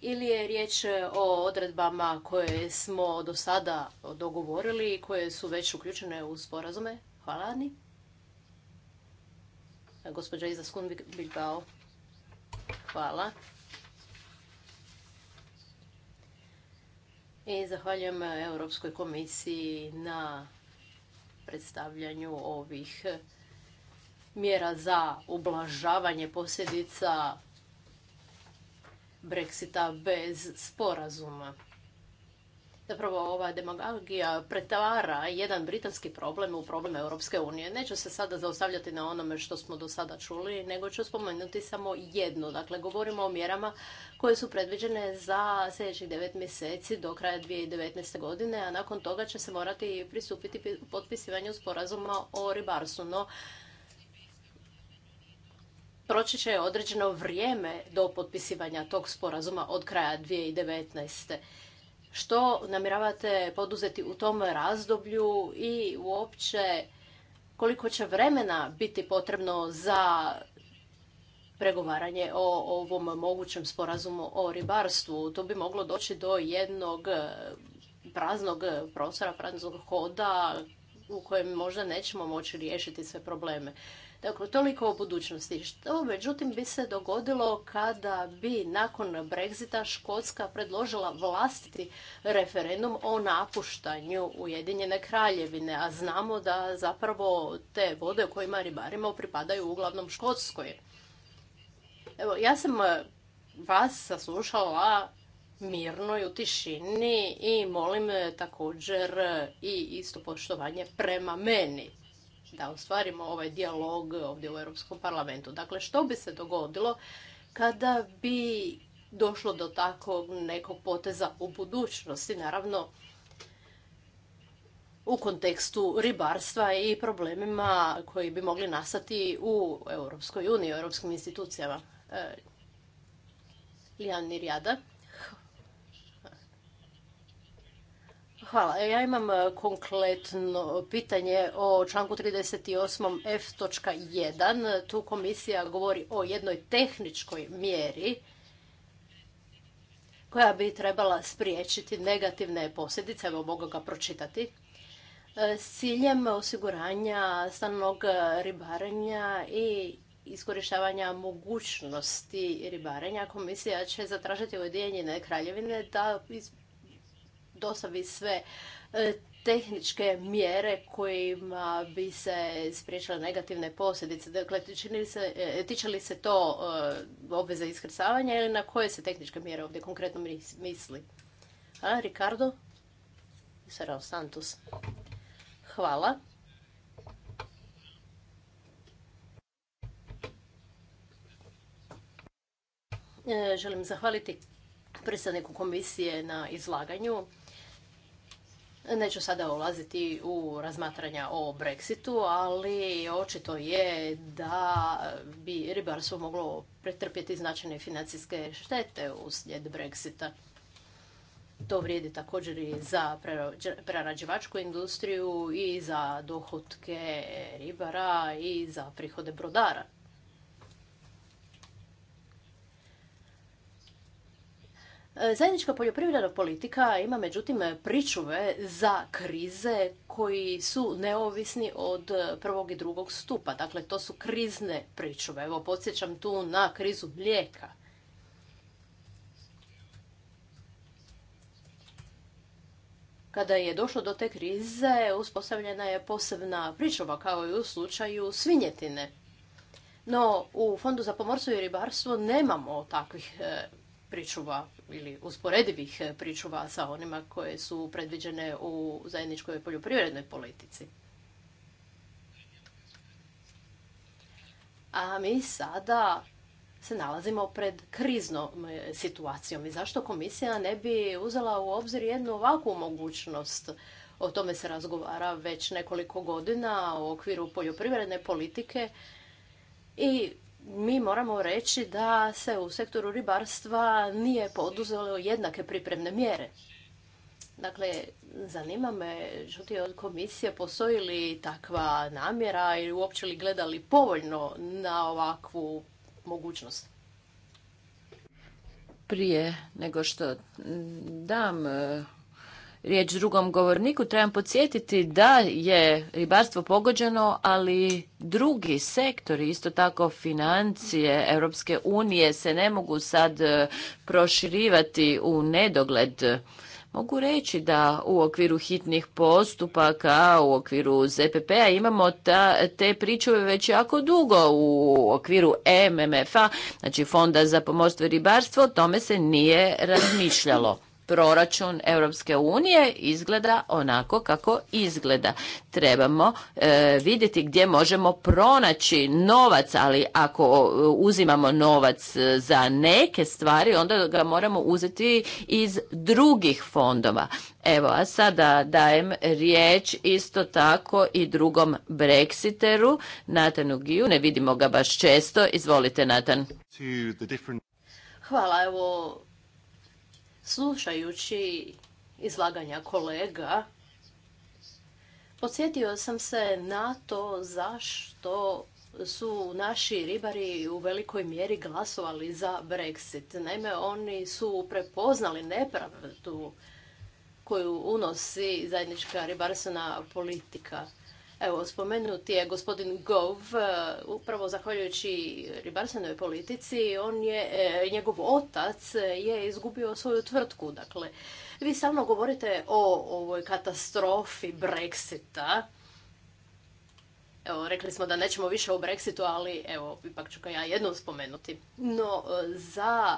ili je riječ o odredbama koje smo do sada dogovorili i koje su već uključene u sporazume? Hvala, Ani. Gospođa Iza bi Bilbao. Hvala. I zahvaljujem e, Europskoj komisiji na predstavljanju ovih e, mjera za ublažavanje posljedica Brexita bez sporazuma zapravo ova demagogija pretvara jedan britanski problem u problem Europske unije. Neću se sada zaustavljati na onome što smo do sada čuli, nego ću spomenuti samo jedno. Dakle, govorimo o mjerama koje su predviđene za sljedećih devet mjeseci do kraja 2019. godine, a nakon toga će se morati pristupiti potpisivanju sporazuma o ribarstvu. No, proći će određeno vrijeme do potpisivanja tog sporazuma od kraja 2019 što namjeravate poduzeti u tom razdoblju i uopće koliko će vremena biti potrebno za pregovaranje o ovom mogućem sporazumu o ribarstvu. To bi moglo doći do jednog eh, praznog prostora, praznog hoda u kojem možda nećemo moći riješiti sve probleme. Dakle, toliko o budućnosti. Što međutim bi se dogodilo kada bi nakon Brexita Škotska predložila vlastiti referendum o napuštanju Ujedinjene kraljevine, a znamo da zapravo te vode kojima ribarimo pripadaju uglavnom Škotskoj. Evo, ja sam vas saslušala mirno i u tišini i molim također i isto poštovanje prema meni da ostvarimo ovaj dijalog ovdje u Europskom parlamentu. Dakle, što bi se dogodilo kada bi došlo do takvog nekog poteza u budućnosti, naravno u kontekstu ribarstva i problemima koji bi mogli nastati u Europskoj uniji, u europskim institucijama. E, Lijan Nirjada. Hvala. Ja imam e, konkretno pitanje o članku 38. F.1. Tu komisija govori o jednoj tehničkoj mjeri koja bi trebala spriječiti negativne posljedice. Evo mogu ga pročitati e, s ciljem osiguranja stanog ribarenja i iskorištavanja mogućnosti ribarenja komisija će zatražiti Ujedinjene kraljevine da dostavi sve e, tehničke mjere kojima bi se spriječile negativne posljedice. Dakle, se, e, tiče li se to e, obveze iskrcavanja ili na koje se tehničke mjere ovdje konkretno misli? A, Ricardo? Sarao Santos. Hvala. Želim zahvaliti predstavniku komisije na izlaganju. Neću sada ulaziti u razmatranja o Brexitu, ali očito je da bi ribarstvo moglo pretrpjeti značajne financijske štete uslijed Brexita. To vrijedi također i za prerađivačku industriju i za dohotke ribara i za prihode brodara. E, zajednička poljoprivredna politika ima međutim pričuve za krize koji su neovisni od prvog i drugog stupa. Dakle, to su krizne pričuve. Evo, podsjećam tu na krizu mlijeka. Kada je došlo do te krize, uspostavljena je posebna pričuva, kao i u slučaju svinjetine. No, u Fondu za pomorstvo i ribarstvo nemamo takvih e, pričuva ili usporedivih pričuva sa onima koje su predviđene u zajedničkoj poljoprivrednoj politici. A mi sada se nalazimo pred kriznom e, situacijom i zašto komisija ne bi uzela u obzir jednu ovakvu mogućnost. O tome se razgovara već nekoliko godina u okviru poljoprivredne politike i mi moramo reći da se u sektoru ribarstva nije poduzelo jednake pripremne mjere. Dakle, zanima me, žuti od komisije, postoji li takva namjera i uopće li gledali povoljno na ovakvu mogućnost? Prije nego što dam riječ drugom govorniku, trebam podsjetiti da je ribarstvo pogođeno, ali drugi sektori, isto tako financije Europske unije, se ne mogu sad e, proširivati u nedogled. Mogu reći da u okviru hitnih postupaka, u okviru ZPP-a imamo te pričuve već jako dugo u okviru MMF-a, znači Fonda za pomorstvo i ribarstvo, o tome se nije razmišljalo proračun Europske unije izgleda onako kako izgleda. Trebamo e, vidjeti gdje možemo pronaći novac, ali ako e, uzimamo novac e, za neke stvari, onda ga moramo uzeti iz drugih fondova. Evo, a sada dajem riječ isto tako i drugom Brexiteru, Natanu Giju. Ne vidimo ga baš često. Izvolite, Natan. Hvala, evo Slušajući izlaganja kolega, podsjetio sam se na to zašto su naši ribari u velikoj mjeri glasovali za Brexit. Naime, oni su prepoznali nepravdu koju unosi zajednička ribarstvena politika. Evo, spomenuti je gospodin Gov, e, upravo zahvaljujući ribarstvenoj politici, on je, e, njegov otac je izgubio svoju tvrtku. Dakle, vi samo govorite o ovoj katastrofi Brexita. Evo, rekli smo da nećemo više o Brexitu, ali evo, ipak ću ga ja jednom spomenuti. No, e, za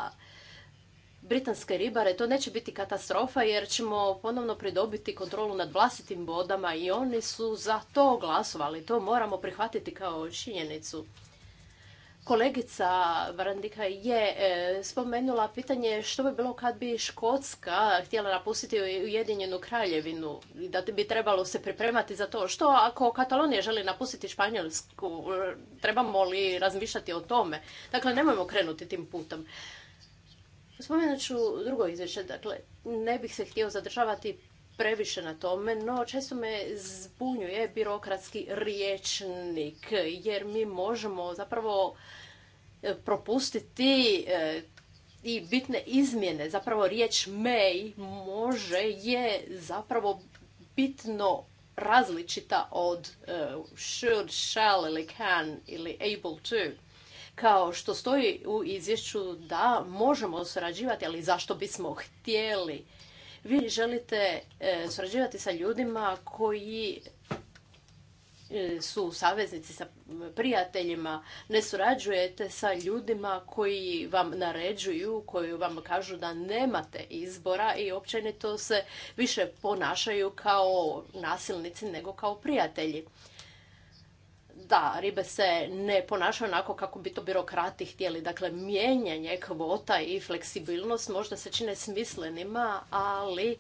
britanske ribare to neće biti katastrofa jer ćemo ponovno pridobiti kontrolu nad vlastitim vodama i oni su za to glasovali. To moramo prihvatiti kao činjenicu. Kolegica Varandika je e, spomenula pitanje što bi bilo kad bi Škotska htjela napustiti Ujedinjenu kraljevinu i da bi trebalo se pripremati za to. Što ako Katalonija želi napustiti Španjolsku, trebamo li razmišljati o tome? Dakle, nemojmo krenuti tim putem. Spomenut ću drugo izvješće, dakle, ne bih se htio zadržavati previše na tome, no često me zbunjuje birokratski riječnik, jer mi možemo zapravo e, propustiti e, i bitne izmjene, zapravo riječ may može je zapravo bitno različita od e, should, shall ili can ili able to kao što stoji u izvješću da možemo surađivati, ali zašto bismo htjeli? Vi želite e, surađivati sa ljudima koji e, su saveznici sa prijateljima, ne surađujete sa ljudima koji vam naređuju, koji vam kažu da nemate izbora i općenito se više ponašaju kao nasilnici nego kao prijatelji da ribe se ne ponašaju onako kako bi to birokrati htjeli. Dakle, mijenjanje kvota i fleksibilnost možda se čine smislenima, ali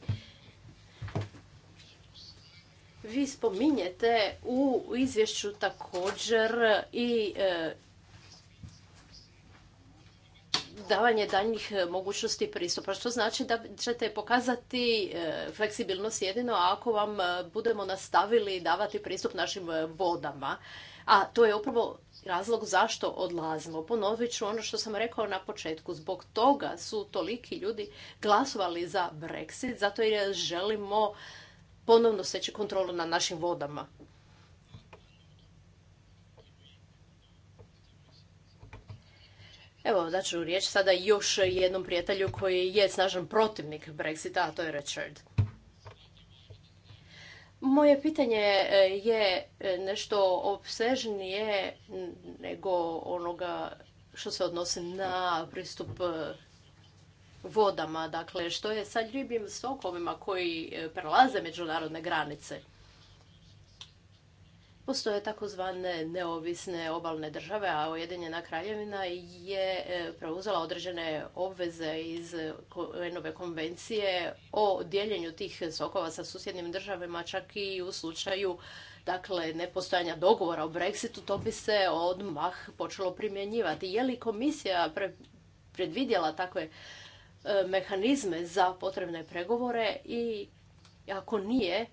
vi spominjete u izvješću također i e, davanje daljnjih mogućnosti pristupa, što znači da ćete pokazati e, fleksibilnost jedino ako vam e, budemo nastavili davati pristup našim vodama. A to je upravo razlog zašto odlazimo. Ponovit ću ono što sam rekao na početku. Zbog toga su toliki ljudi glasovali za Brexit, zato jer želimo ponovno seći kontrolu na našim vodama. Evo, daću riječ sada još jednom prijatelju koji je snažan protivnik Brexita, a to je Richard. Moje pitanje e, je e, nešto obsežnije nego onoga što se odnosi na pristup e, vodama. Dakle, što je sa ljubim stokovima koji prelaze međunarodne granice? Postoje takozvane neovisne obalne države, a Ujedinjena kraljevina je e, preuzela određene obveze iz e, ove konvencije o dijeljenju tih sokova sa susjednim državama, čak i u slučaju dakle, nepostojanja dogovora o Brexitu, to bi se odmah počelo primjenjivati. Je li komisija predvidjela takve e, mehanizme za potrebne pregovore i ako nije,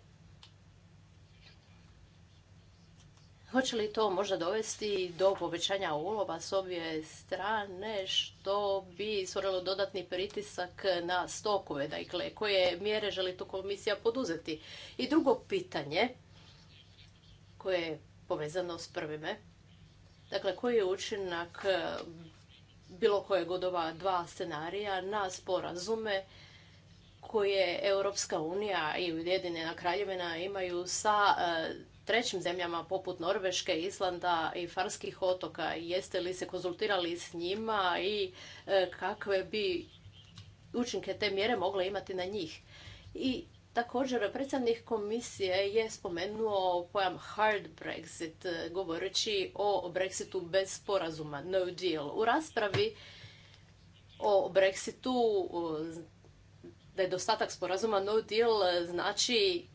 Hoće li to možda dovesti do povećanja ulova s obje strane što bi stvorilo dodatni pritisak na stokove? Dakle, koje mjere želi to komisija poduzeti? I drugo pitanje koje je povezano s prvime. Dakle, koji je učinak bilo koje godova ova dva scenarija na sporazume koje Europska unija i Ujedinjena kraljevina imaju sa e, trećim zemljama poput Norveške, Islanda i Farskih otoka? Jeste li se konzultirali s njima i e, kakve bi učinke te mjere mogle imati na njih? I također predsjednik komisije je spomenuo pojam hard Brexit e, govoreći o Brexitu bez sporazuma, no deal. U raspravi o Brexitu nedostatak sporazuma no deal e, znači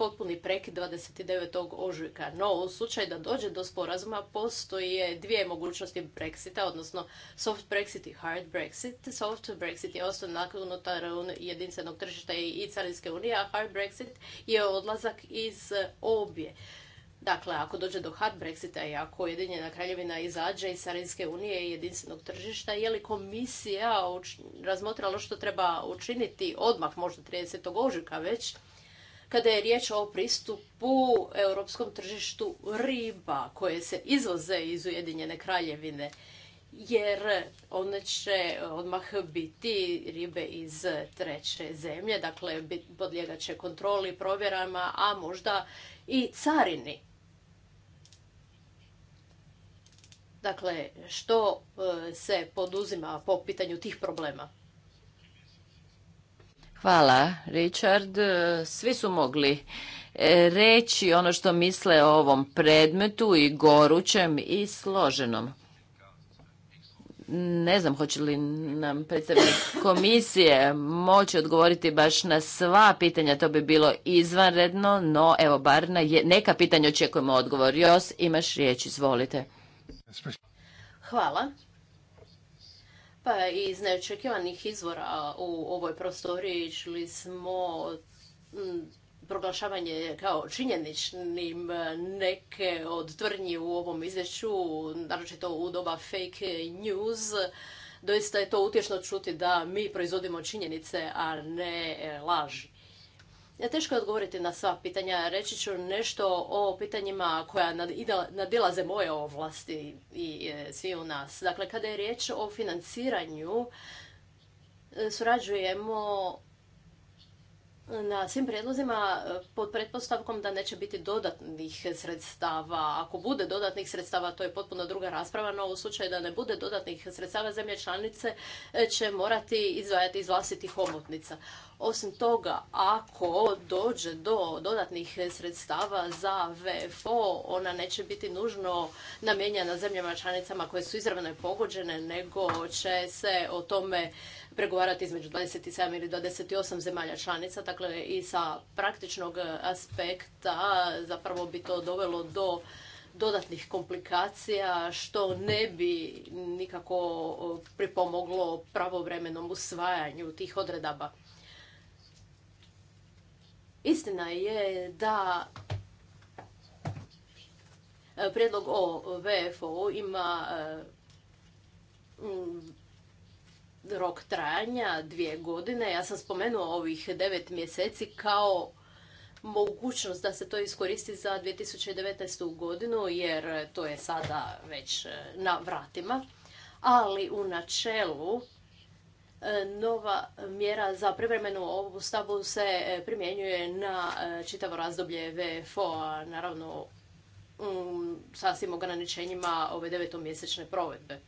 potpuni prekid 29. ožujka. No, u slučaju da dođe do sporazuma, postoje dvije mogućnosti Brexita, odnosno soft Brexit i hard Brexit. Soft Brexit je ostanak unutar jedinstvenog tržišta i carinske unije, a hard Brexit je odlazak iz obje. Dakle, ako dođe do hard Brexita i ako Ujedinjena kraljevina izađe iz Carinske unije i jedinstvenog tržišta, je li komisija razmotrala što treba učiniti odmah, možda 30. ožujka već, kada je riječ o pristupu europskom tržištu riba koje se izvoze iz Ujedinjene kraljevine jer one će odmah biti ribe iz treće zemlje, dakle podlijegat će kontroli, provjerama, a možda i carini. Dakle, što e, se poduzima po pitanju tih problema? Hvala, Richard. E, svi su mogli e, reći ono što misle o ovom predmetu i gorućem i složenom. Ne znam hoće li nam predstavnik komisije moći odgovoriti baš na sva pitanja, to bi bilo izvanredno, no evo bar na neka pitanja očekujemo odgovor. Jos, imaš riječ, izvolite. Hvala iz neočekivanih izvora u ovoj prostoriji išli smo mm, proglašavanje kao činjeničnim neke od tvrdnji u ovom izvješću, naročito u doba fake news. Doista je to utješno čuti da mi proizvodimo činjenice, a ne laži. Teško je odgovoriti na sva pitanja. Reći ću nešto o pitanjima koja nadilaze moje ovlasti i e, svi u nas. Dakle, kada je riječ o financiranju, e, surađujemo na svim prijedlozima e, pod pretpostavkom da neće biti dodatnih sredstava. Ako bude dodatnih sredstava, to je potpuno druga rasprava, no u slučaju da ne bude dodatnih sredstava, zemlje članice e, će morati izdvajati iz vlastitih omotnica. Osim toga, ako dođe do dodatnih sredstava za VFO, ona neće biti nužno namijenjena zemljama članicama koje su izravno pogođene, nego će se o tome pregovarati između 27 ili 28 zemalja članica, dakle i sa praktičnog aspekta zapravo bi to dovelo do dodatnih komplikacija što ne bi nikako pripomoglo pravovremenom usvajanju tih odredaba. Istina je da prijedlog o VFO ima rok trajanja dvije godine. Ja sam spomenula ovih devet mjeseci kao mogućnost da se to iskoristi za 2019. godinu jer to je sada već e, na vratima. Ali u načelu e, nova mjera za privremenu obustavu se e, primjenjuje na čitavo razdoblje VFO-a, naravno sasvim ograničenjima ove devetomjesečne provedbe.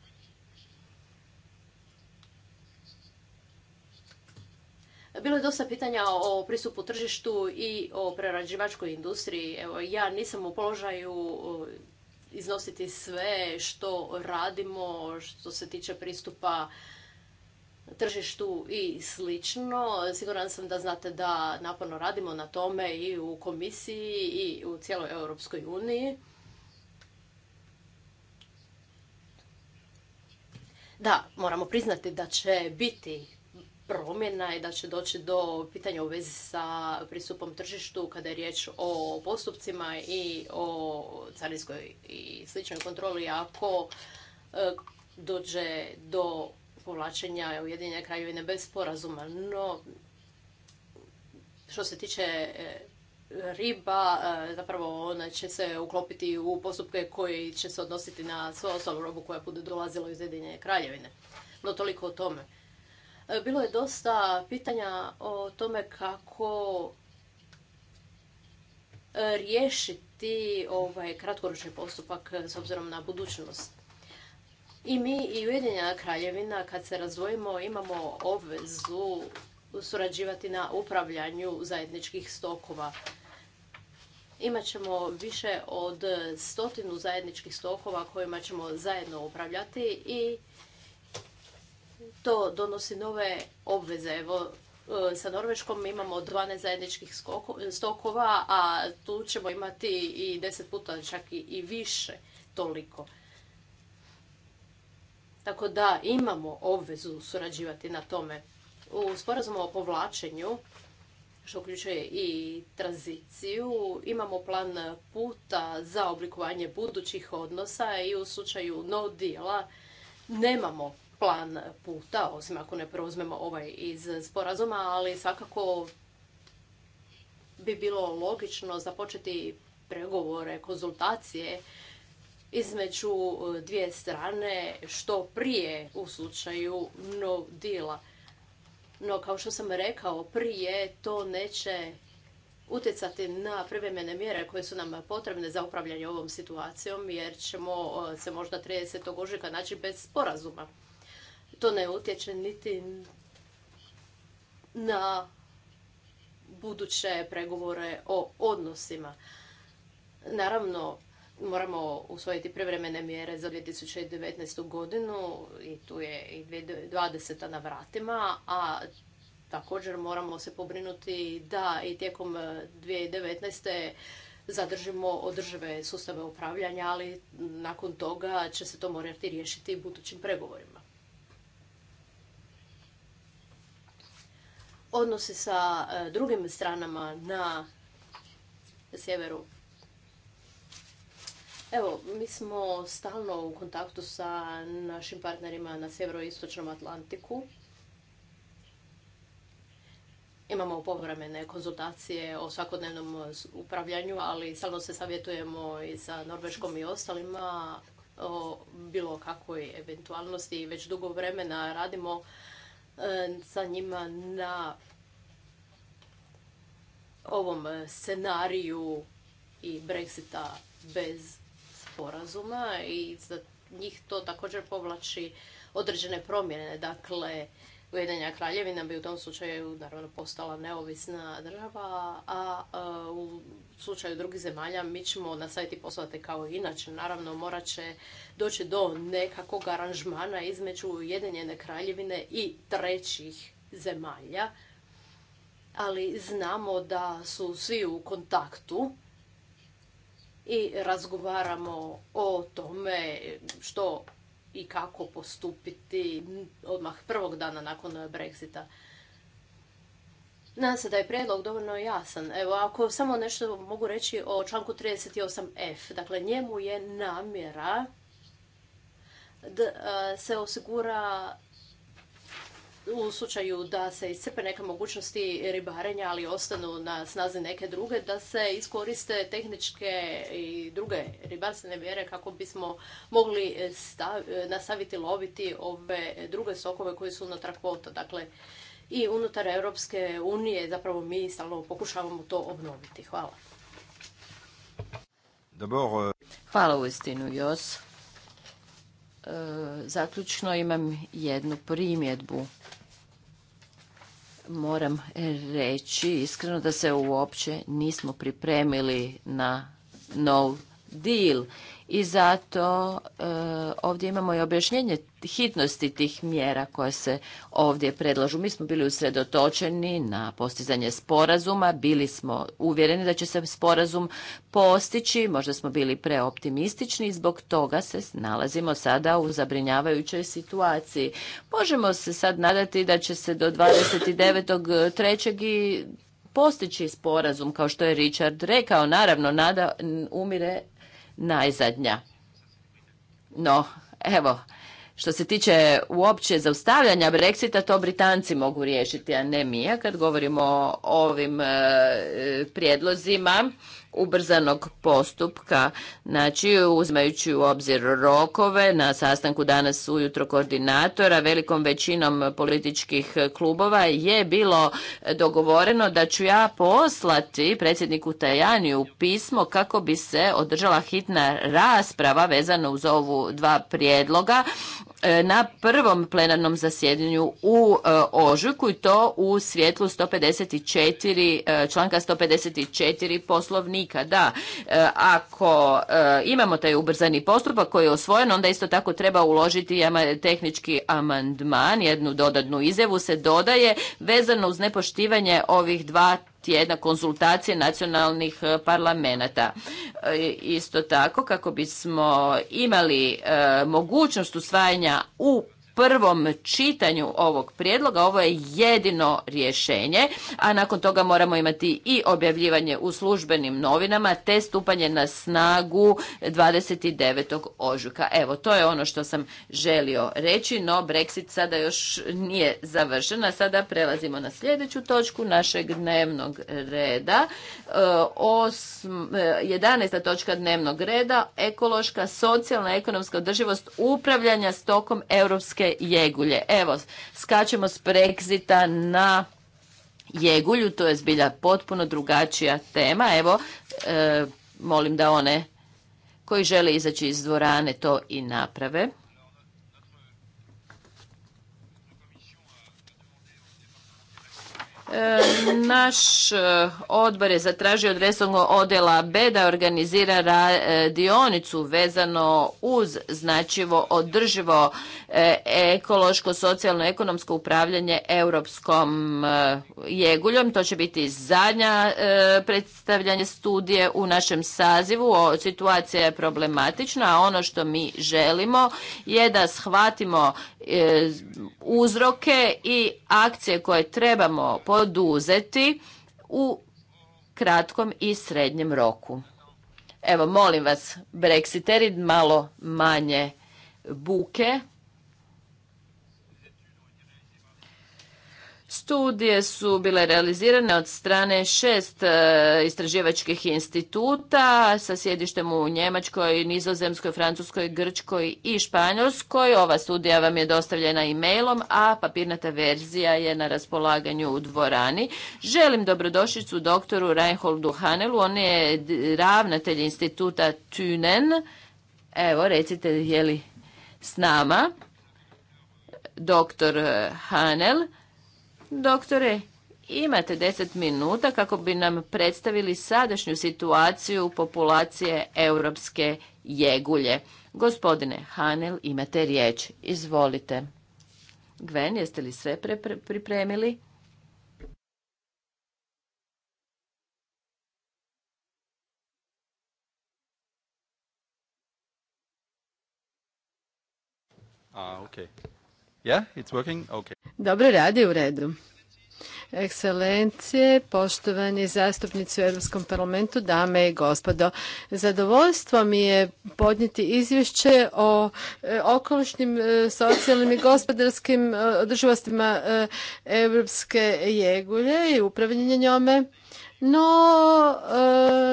Bilo je dosta pitanja o pristupu tržištu i o prerađivačkoj industriji. Evo, ja nisam u položaju iznositi sve što radimo što se tiče pristupa tržištu i slično. Siguran sam da znate da naporno radimo na tome i u komisiji i u cijeloj Europskoj uniji. Da, moramo priznati da će biti promjena i da će doći do pitanja u vezi sa pristupom tržištu kada je riječ o postupcima i o carinskoj i sličnoj kontroli ako e, dođe do povlačenja Ujedinjene kraljevine bez sporazuma. No, što se tiče e, riba, e, zapravo ona će se uklopiti u postupke koji će se odnositi na svoju osobu robu koja bude dolazila iz Ujedinjene kraljevine. No, toliko o tome. E, bilo je dosta pitanja o tome kako e, riješiti ovaj kratkoročni postupak e, s obzirom na budućnost. I mi i Ujedinjena kraljevina kad se razvojimo imamo obvezu surađivati na upravljanju zajedničkih stokova. Imaćemo više od stotinu zajedničkih stokova kojima ćemo zajedno upravljati i to donosi nove obveze. Evo, e, sa Norveškom imamo 12 zajedničkih stokova, a tu ćemo imati i 10 puta čak i više toliko. Tako da imamo obvezu surađivati na tome. U sporazumu o povlačenju, što uključuje i tranziciju, imamo plan puta za oblikovanje budućih odnosa i u slučaju no deala nemamo plan puta, osim ako ne preuzmemo ovaj iz sporazuma, ali svakako bi bilo logično započeti pregovore, konzultacije između e, dvije strane što prije u slučaju no deala. No, kao što sam rekao prije, to neće utjecati na privremene mjere koje su nam potrebne za upravljanje ovom situacijom, jer ćemo e, se možda 30. ožujka naći bez sporazuma to ne utječe niti na buduće pregovore o odnosima. Naravno, moramo usvojiti prevremene mjere za 2019. godinu i tu je i 2020. na vratima, a također moramo se pobrinuti da i tijekom 2019. zadržimo održive sustave upravljanja, ali nakon toga će se to morati riješiti budućim pregovorima. odnose sa e, drugim stranama na sjeveru. Evo, mi smo stalno u kontaktu sa našim partnerima na sjeveroistočnom Atlantiku. Imamo povremene konzultacije o svakodnevnom upravljanju, ali stalno se savjetujemo i sa Norveškom i ostalima o bilo kakvoj eventualnosti. Već dugo vremena radimo sa njima na ovom scenariju i Brexita bez sporazuma i za njih to također povlači određene promjene. Dakle, Ujedinjena kraljevina bi u tom slučaju naravno postala neovisna država, a, e, u slučaju drugih zemalja mi ćemo na sajti poslati kao inače. Naravno morat će doći do nekakvog aranžmana između Ujedinjene kraljevine i trećih zemalja, ali znamo da su svi u kontaktu i razgovaramo o tome što i kako postupiti odmah prvog dana nakon Brexita. Nadam se da je prijedlog dovoljno jasan. Evo, ako samo nešto mogu reći o članku 38f. Dakle, njemu je namjera da se osigura u slučaju da se iscrpe neke mogućnosti ribarenja, ali ostanu na snazi neke druge, da se iskoriste tehničke i druge ribarstvene mjere kako bismo mogli stav, nastaviti loviti ove druge sokove koji su unutar kvota. Dakle, i unutar Europske unije zapravo mi stalno pokušavamo to obnoviti. Hvala. Euh, Hvala u zaključno imam jednu primjedbu. Moram reći iskreno da se uopće nismo pripremili na no deal i zato e, ovdje imamo i objašnjenje hitnosti tih mjera koje se ovdje predlažu. Mi smo bili usredotočeni na postizanje sporazuma, bili smo uvjereni da će se sporazum postići, možda smo bili preoptimistični i zbog toga se nalazimo sada u zabrinjavajućoj situaciji. Možemo se sad nadati da će se do 29.3. i postići sporazum, kao što je Richard rekao. Naravno, nada umire najzadnja. No, evo, što se tiče uopće zaustavljanja Brexita, to Britanci mogu riješiti, a ne mi. kad govorimo o ovim e, prijedlozima, ubrzanog postupka, znači uzmajući u obzir rokove na sastanku danas ujutro koordinatora velikom većinom političkih klubova je bilo dogovoreno da ću ja poslati predsjedniku Tajaniju pismo kako bi se održala hitna rasprava vezana uz ovu dva prijedloga E, na prvom plenarnom zasjedanju u e, ožujku i to u svjetlu 154 e, članka 154 poslovnika da ako imamo taj ubrzani postupak koji je osvojen onda isto tako treba uložiti tehnički amandman jednu dodatnu izjavu se dodaje vezano uz nepoštivanje ovih dva tjedna konzultacije nacionalnih e, parlamenta. E, isto tako kako bismo imali e, mogućnost usvajanja u prvom čitanju ovog prijedloga. Ovo je jedino rješenje, a nakon toga moramo imati i objavljivanje u službenim novinama te stupanje na snagu 29. ožujka. Evo, to je ono što sam želio reći, no Brexit sada još nije završena. Sada prelazimo na sljedeću točku našeg dnevnog reda. 11. E, e, točka dnevnog reda, ekološka, socijalna, ekonomska održivost upravljanja stokom Europske jegulje. Evo, skačemo s Brexita na jegulju, to je zbilja potpuno drugačija tema. Evo, e, molim da one koji žele izaći iz dvorane to i naprave. E, naš e, odbor je zatražio od resnog odjela B da organizira radionicu e, vezano uz značivo održivo ekološko, socijalno, ekonomsko upravljanje europskom jeguljom. To će biti zadnja predstavljanje studije u našem sazivu. Situacija je problematična, a ono što mi želimo je da shvatimo uzroke i akcije koje trebamo oduzeti u kratkom i srednjem roku. Evo, molim vas, breksiteri, malo manje buke Studije su bile realizirane od strane šest e, istraživačkih instituta sa sjedištem u Njemačkoj, Nizozemskoj, Francuskoj, Grčkoj i Španjolskoj. Ova studija vam je dostavljena e-mailom, a papirnata verzija je na raspolaganju u dvorani. Želim dobrodošlicu doktoru Reinholdu Hanelu, on je ravnatelj instituta TUNEN. Evo, recite je li s nama doktor Hanel. Doktore, imate deset minuta kako bi nam predstavili sadašnju situaciju populacije europske jegulje. Gospodine Hanel, imate riječ. Izvolite. Gven, jeste li sve pripremili? A, Okay. Yeah, it's working? Okay. Dobro radi u redu. Ekscelencije, poštovani zastupnici u Europskom parlamentu, dame i gospodo. Zadovoljstvo mi je podnijeti izvješće o e, okolišnim, e, socijalnim i gospodarskim e, održivostima Europske jegulje i upravljanje njome. No,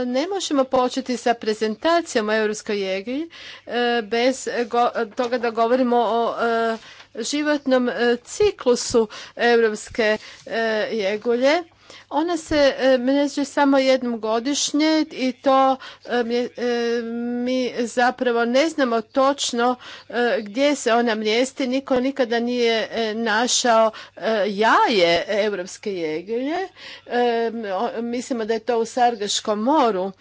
ne možemo početi sa prezentacijom o Europskoj jegulji bez toga da govorimo o životnom e, ciklusu europske e, jegulje ona se mreže samo jednom godišnje i to e, e, mi zapravo ne znamo točno e, gdje se ona mrijesti. Niko nikada nije našao jaje evropske jegelje. Mislimo da je to u Sargaškom moru.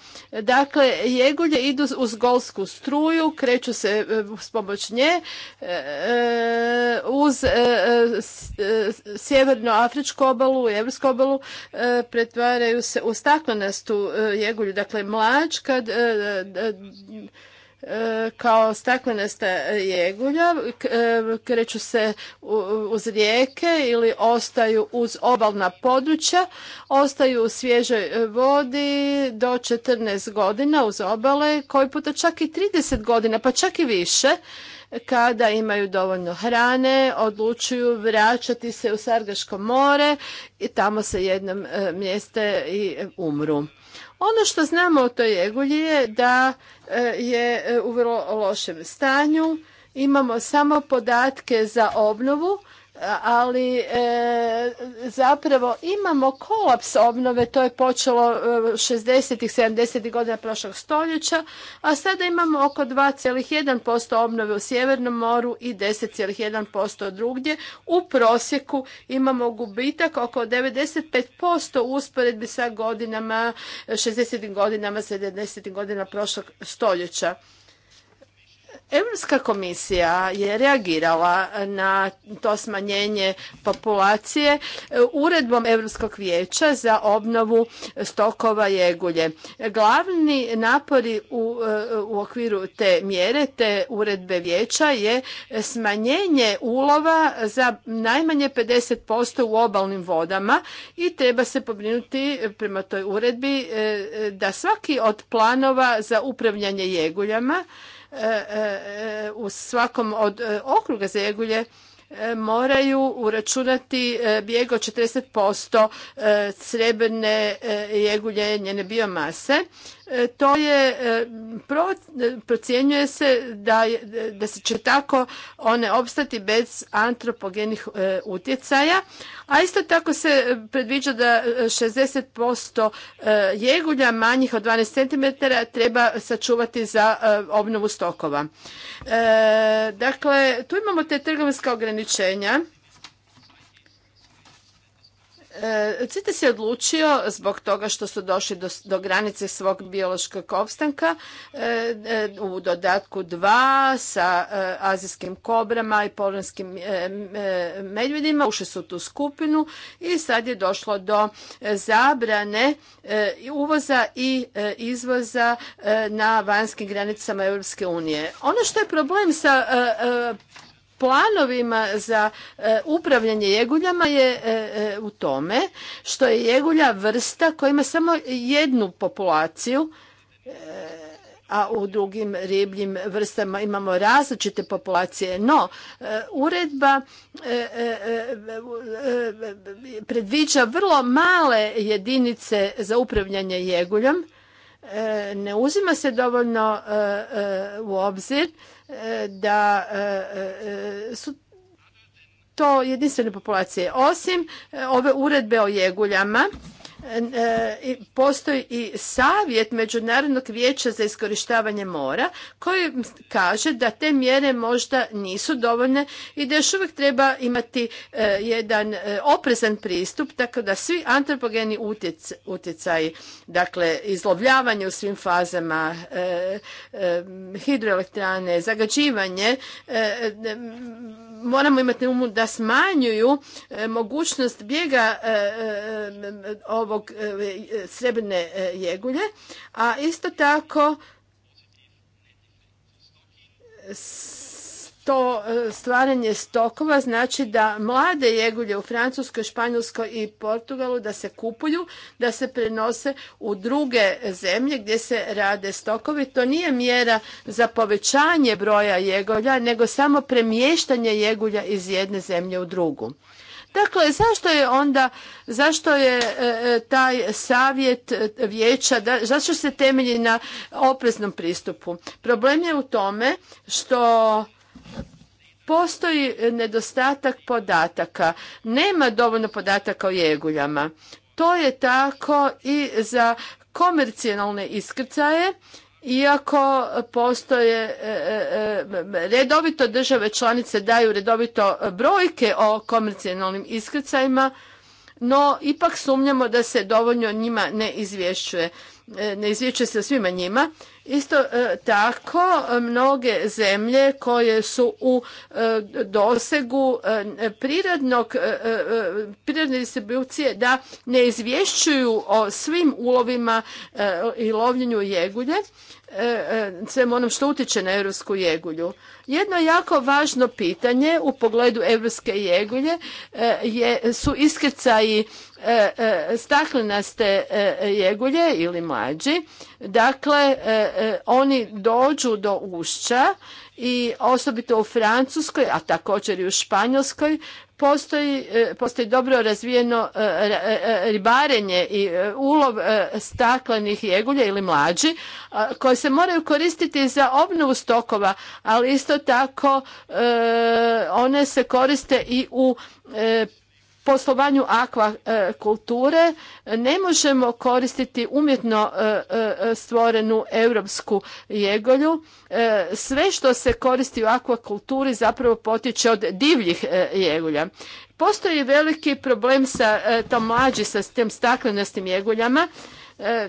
Dakle, jegulje idu uz golsku struju, kreću se s pomoć nje uz sjevernoafričku obalu i evropsku obalu E, pretvaraju se u staklenastu e, jegulju. Dakle, mlač kad e, kao staklenasta jegulja, kreću se uz rijeke ili ostaju uz obalna područja, ostaju u svježoj vodi do 14 godina uz obale, koji puta čak i 30 godina, pa čak i više kada imaju dovoljno hrane, odlučuju vraćati se u Sargaško more i tamo se jednom e, mjeste i umru. Ono što znamo o toj jegulji je da e, je e, u vrlo lošem stanju, imamo samo podatke za obnovu, ali e, zapravo imamo kolaps obnove, to je počelo 60 i 70 godina prošlog stoljeća, a sada imamo oko 2,1% obnove u Sjevernom moru i 10,1% drugdje. U prosjeku imamo gubitak oko 95% usporedbi sa godinama, 60 godinama, 70 godina prošlog stoljeća. Europska komisija je reagirala na to smanjenje populacije e, uredbom Europskog vijeća za obnovu stokova jegulje. Glavni napori u, e, u okviru te mjere, te uredbe vijeća je smanjenje ulova za najmanje 50% u obalnim vodama i treba se pobrinuti prema toj uredbi e, da svaki od planova za upravljanje jeguljama E, e, e, u svakom od okruga za jegulje moraju uračunati bijeg od 40% srebrne jegulje njene biomase E, to je e, e, procjenjuje se da, da se će tako one opstati bez antropogenih utjecaja, a isto tako se predviđa da 60% jegulja manjih od 12 cm treba sačuvati za obnovu stokova. Dakle, tu imamo te trgovinska ograničenja E, CITES je odlučio zbog toga što su došli do, do granice svog biološkog opstanka e, e, u dodatku 2 sa azijskim kobrama i polonskim medvjedima. Ušli su tu skupinu i sad je došlo do zabrane uvoza i izvoza na vanjskim granicama Europske unije. Ono što je problem sa planovima za e, upravljanje jeguljama je e, e, u tome što je jegulja vrsta koja ima samo jednu populaciju a u drugim ribljim vrstama imamo različite populacije. No, uredba predviđa vrlo male jedinice za upravljanje jeguljom. Ne uzima se dovoljno u obzir da e, e, su to jedinstvene populacije. Osim e, ove uredbe o jeguljama, E, postoji i savjet Međunarodnog vijeća za iskorištavanje mora koji kaže da te mjere možda nisu dovoljne i da još uvijek treba imati e, jedan e, oprezan pristup tako da svi antropogeni utjecaji, dakle izlovljavanje u svim fazama, hidroelektrane, zagađivanje, moramo imati umu da smanjuju mogućnost bjega ovog ovog e, e, srebrne e, jegulje, a isto tako to stvaranje stokova znači da mlade jegulje u Francuskoj, Španjolskoj i Portugalu da se kupuju, da se prenose u druge zemlje gdje se rade stokovi. To nije mjera za povećanje broja jegulja, nego samo premještanje jegulja iz jedne zemlje u drugu. Dakle, zašto je onda, zašto je e, e, taj savjet vijeća, zašto se temelji na opreznom pristupu? Problem je u tome što postoji nedostatak podataka. Nema dovoljno podataka o jeguljama. To je tako i za komercijalne iskrcaje iako postoje e, e, e, redovito države članice daju redovito brojke o komercijalnim iskrcajima, no ipak sumnjamo da se dovoljno njima ne izvješćuje. Ne izvješćuje se svima njima Isto e, tako, e, mnoge zemlje koje su u e, dosegu prirodnog, prirodne distribucije da ne izvješćuju o svim ulovima i lovljenju jegulje, svem onom što utječe na europsku jegulju. Jedno jako važno pitanje u pogledu europske jegulje su iskrcaji E, e, staklenaste e, jegulje ili mlađi. Dakle, oni dođu do ušća i osobito u Francuskoj, a također i u Španjolskoj, Postoji, postoji dobro razvijeno ribarenje i ulov staklenih jegulja ili mlađi koje se moraju koristiti za obnovu stokova, ali isto tako one se koriste i u poslovanju akvakulture e, ne možemo koristiti umjetno e, e, stvorenu europsku jegolju. Sve što se koristi u akvakulturi zapravo potiče od divljih jegolja. Postoji veliki problem sa to mlađi, sa tem staklenastim jeguljama.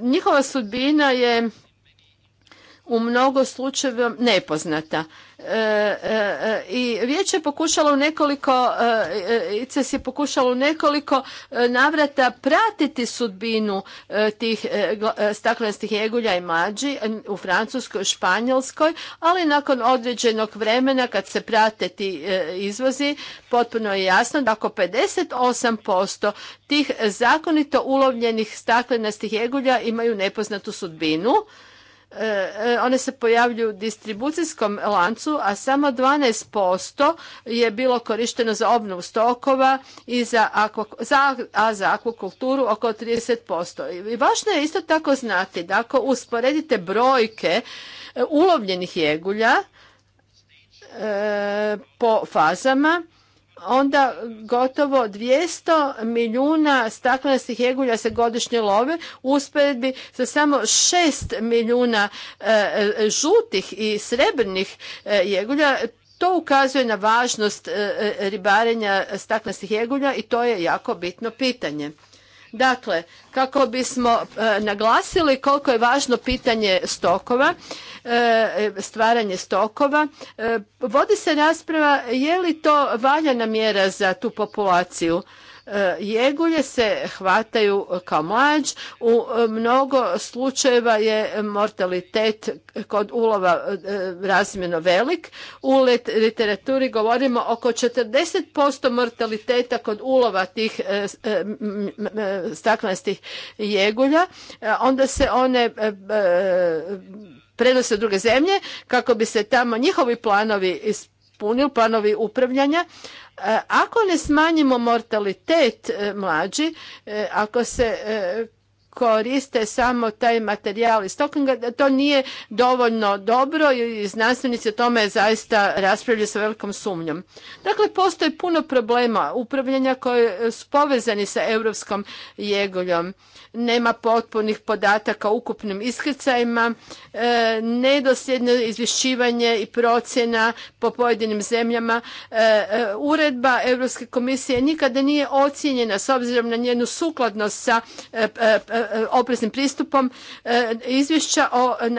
Njihova sudbina je u mnogo slučajeva nepoznata. E, e, e, I vijeće je pokušalo u nekoliko, ICES je pokušalo u nekoliko navrata pratiti sudbinu tih staklenastih jegulja i mađi u Francuskoj, Španjolskoj, ali nakon određenog vremena kad se prate ti izvozi, potpuno je jasno da oko 58% tih zakonito ulovljenih staklenastih jegulja imaju nepoznatu sudbinu. E, e, one se pojavljuju u distribucijskom lancu, a samo 12% je bilo korišteno za obnovu stokova i za, za, a za akvakulturu oko 30%. I važno je isto tako znati da ako usporedite brojke e, ulovljenih jegulja po fazama, onda gotovo 200 milijuna staklenastih jegulja se godišnje love u usporedbi sa samo 6 milijuna e, žutih i srebrnih e, jegulja. To ukazuje na važnost e, ribarenja staklenastih jegulja i to je jako bitno pitanje. Dakle, kako bismo e, naglasili koliko je važno pitanje stokova, e, stvaranje stokova, e, vodi se rasprava je li to valjana mjera za tu populaciju. Jegulje se hvataju kao mlađ. U e, mnogo slučajeva je mortalitet kod ulova e, razmjerno velik. U literaturi govorimo oko 40% mortaliteta kod ulova tih e, staklenstih jegulja. Onda se one prenose u druge zemlje kako bi se tamo njihovi planovi ispravili ispunili planovi upravljanja. E, ako ne smanjimo mortalitet e, mlađi, e, ako se koriste samo taj materijal iz Stokinga, da to nije dovoljno dobro i znanstvenici o tome zaista raspravljaju sa velikom sumnjom. Dakle, postoji puno problema upravljanja koje su povezani sa europskom jegoljom. Nema potpunih podataka o ukupnim iskrcajima, e, nedosljedno izvješćivanje i procjena po pojedinim zemljama. E, e, uredba Europske komisije nikada nije ocijenjena s obzirom na njenu sukladnost sa E, opreznim pristupom. E, izvješća o e,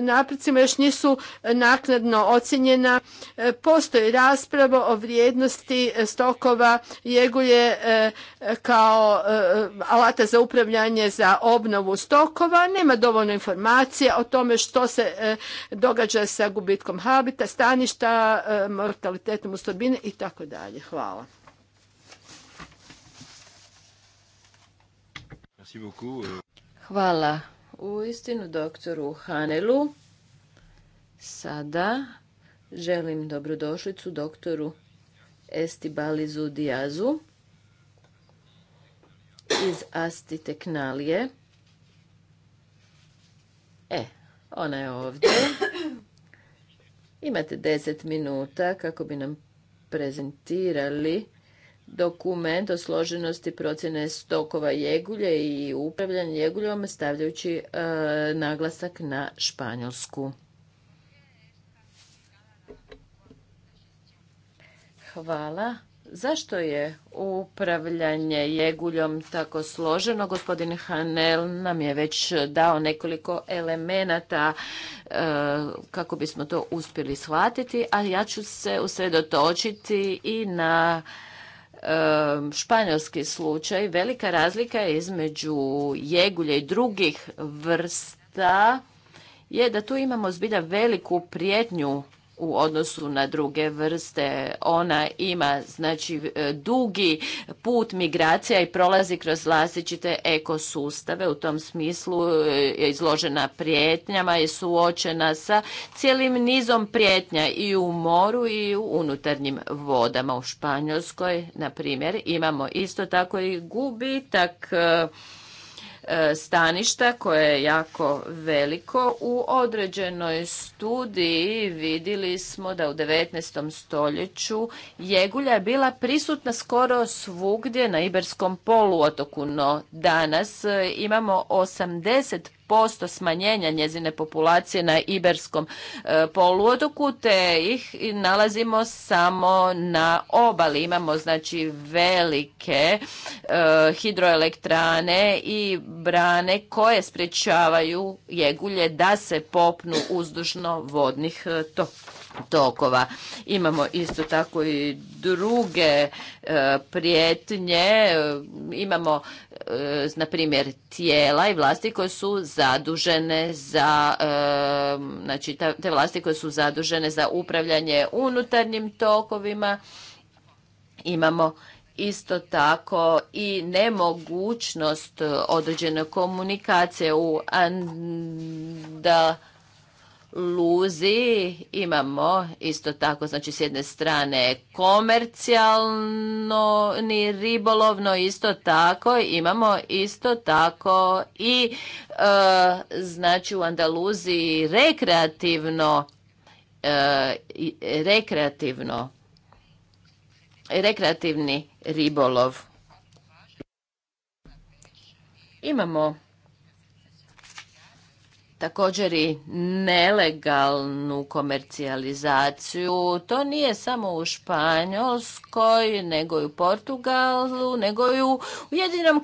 napredcima još nisu naknadno ocjenjena. Postoji rasprava o vrijednosti stokova jegulje kao alata za upravljanje za obnovu stokova. Nema dovoljno informacija o tome što se događa sa gubitkom habita, staništa, mortalitetom u i tako dalje. Hvala. Euh. Hvala u istinu doktoru Hanelu. Sada želim dobrodošlicu doktoru Estibalizu Dijazu iz Asti E, ona je ovdje. Imate 10 minuta kako bi nam prezentirali dokument o složenosti procjene stokova jegulje i upravljanje jeguljom stavljajući e, naglasak na Španjolsku. Hvala. Zašto je upravljanje jeguljom tako složeno? Gospodin Hanel nam je već dao nekoliko elemenata e, kako bismo to uspjeli shvatiti, a ja ću se usredotočiti i na španjolski slučaj, velika razlika između jegulje i drugih vrsta je da tu imamo zbilja veliku prijetnju u odnosu na druge vrste. Ona ima znači e, dugi put migracija i prolazi kroz različite ekosustave. U tom smislu e, je izložena prijetnjama i suočena sa cijelim nizom prijetnja i u moru i u unutarnjim vodama. U Španjolskoj, na primjer, imamo isto tako i gubitak e, E, staništa koje je jako veliko. U određenoj studiji vidjeli smo da u 19. stoljeću jegulja je bila prisutna skoro svugdje na Iberskom poluotoku, no danas e, imamo 80 posto smanjenja njezine populacije na Iberskom e, poluotoku, te ih nalazimo samo na obali. Imamo znači velike e, hidroelektrane i brane koje sprečavaju jegulje da se popnu uzdužno vodnih e, tokova Imamo isto tako i druge prijetnje, imamo E, na primjer tijela i vlasti koje su zadužene za e, znači te vlasti koje su zadužene za upravljanje unutarnjim tokovima imamo isto tako i nemogućnost određene komunikacije u da luzi imamo isto tako, znači s jedne strane komercijalno ni ribolovno isto tako, imamo isto tako i e, znači u Andaluziji rekreativno e, rekreativno rekreativni ribolov. Imamo također i nelegalnu komercijalizaciju. To nije samo u Španjolskoj, nego i u Portugalu, nego i u jedinom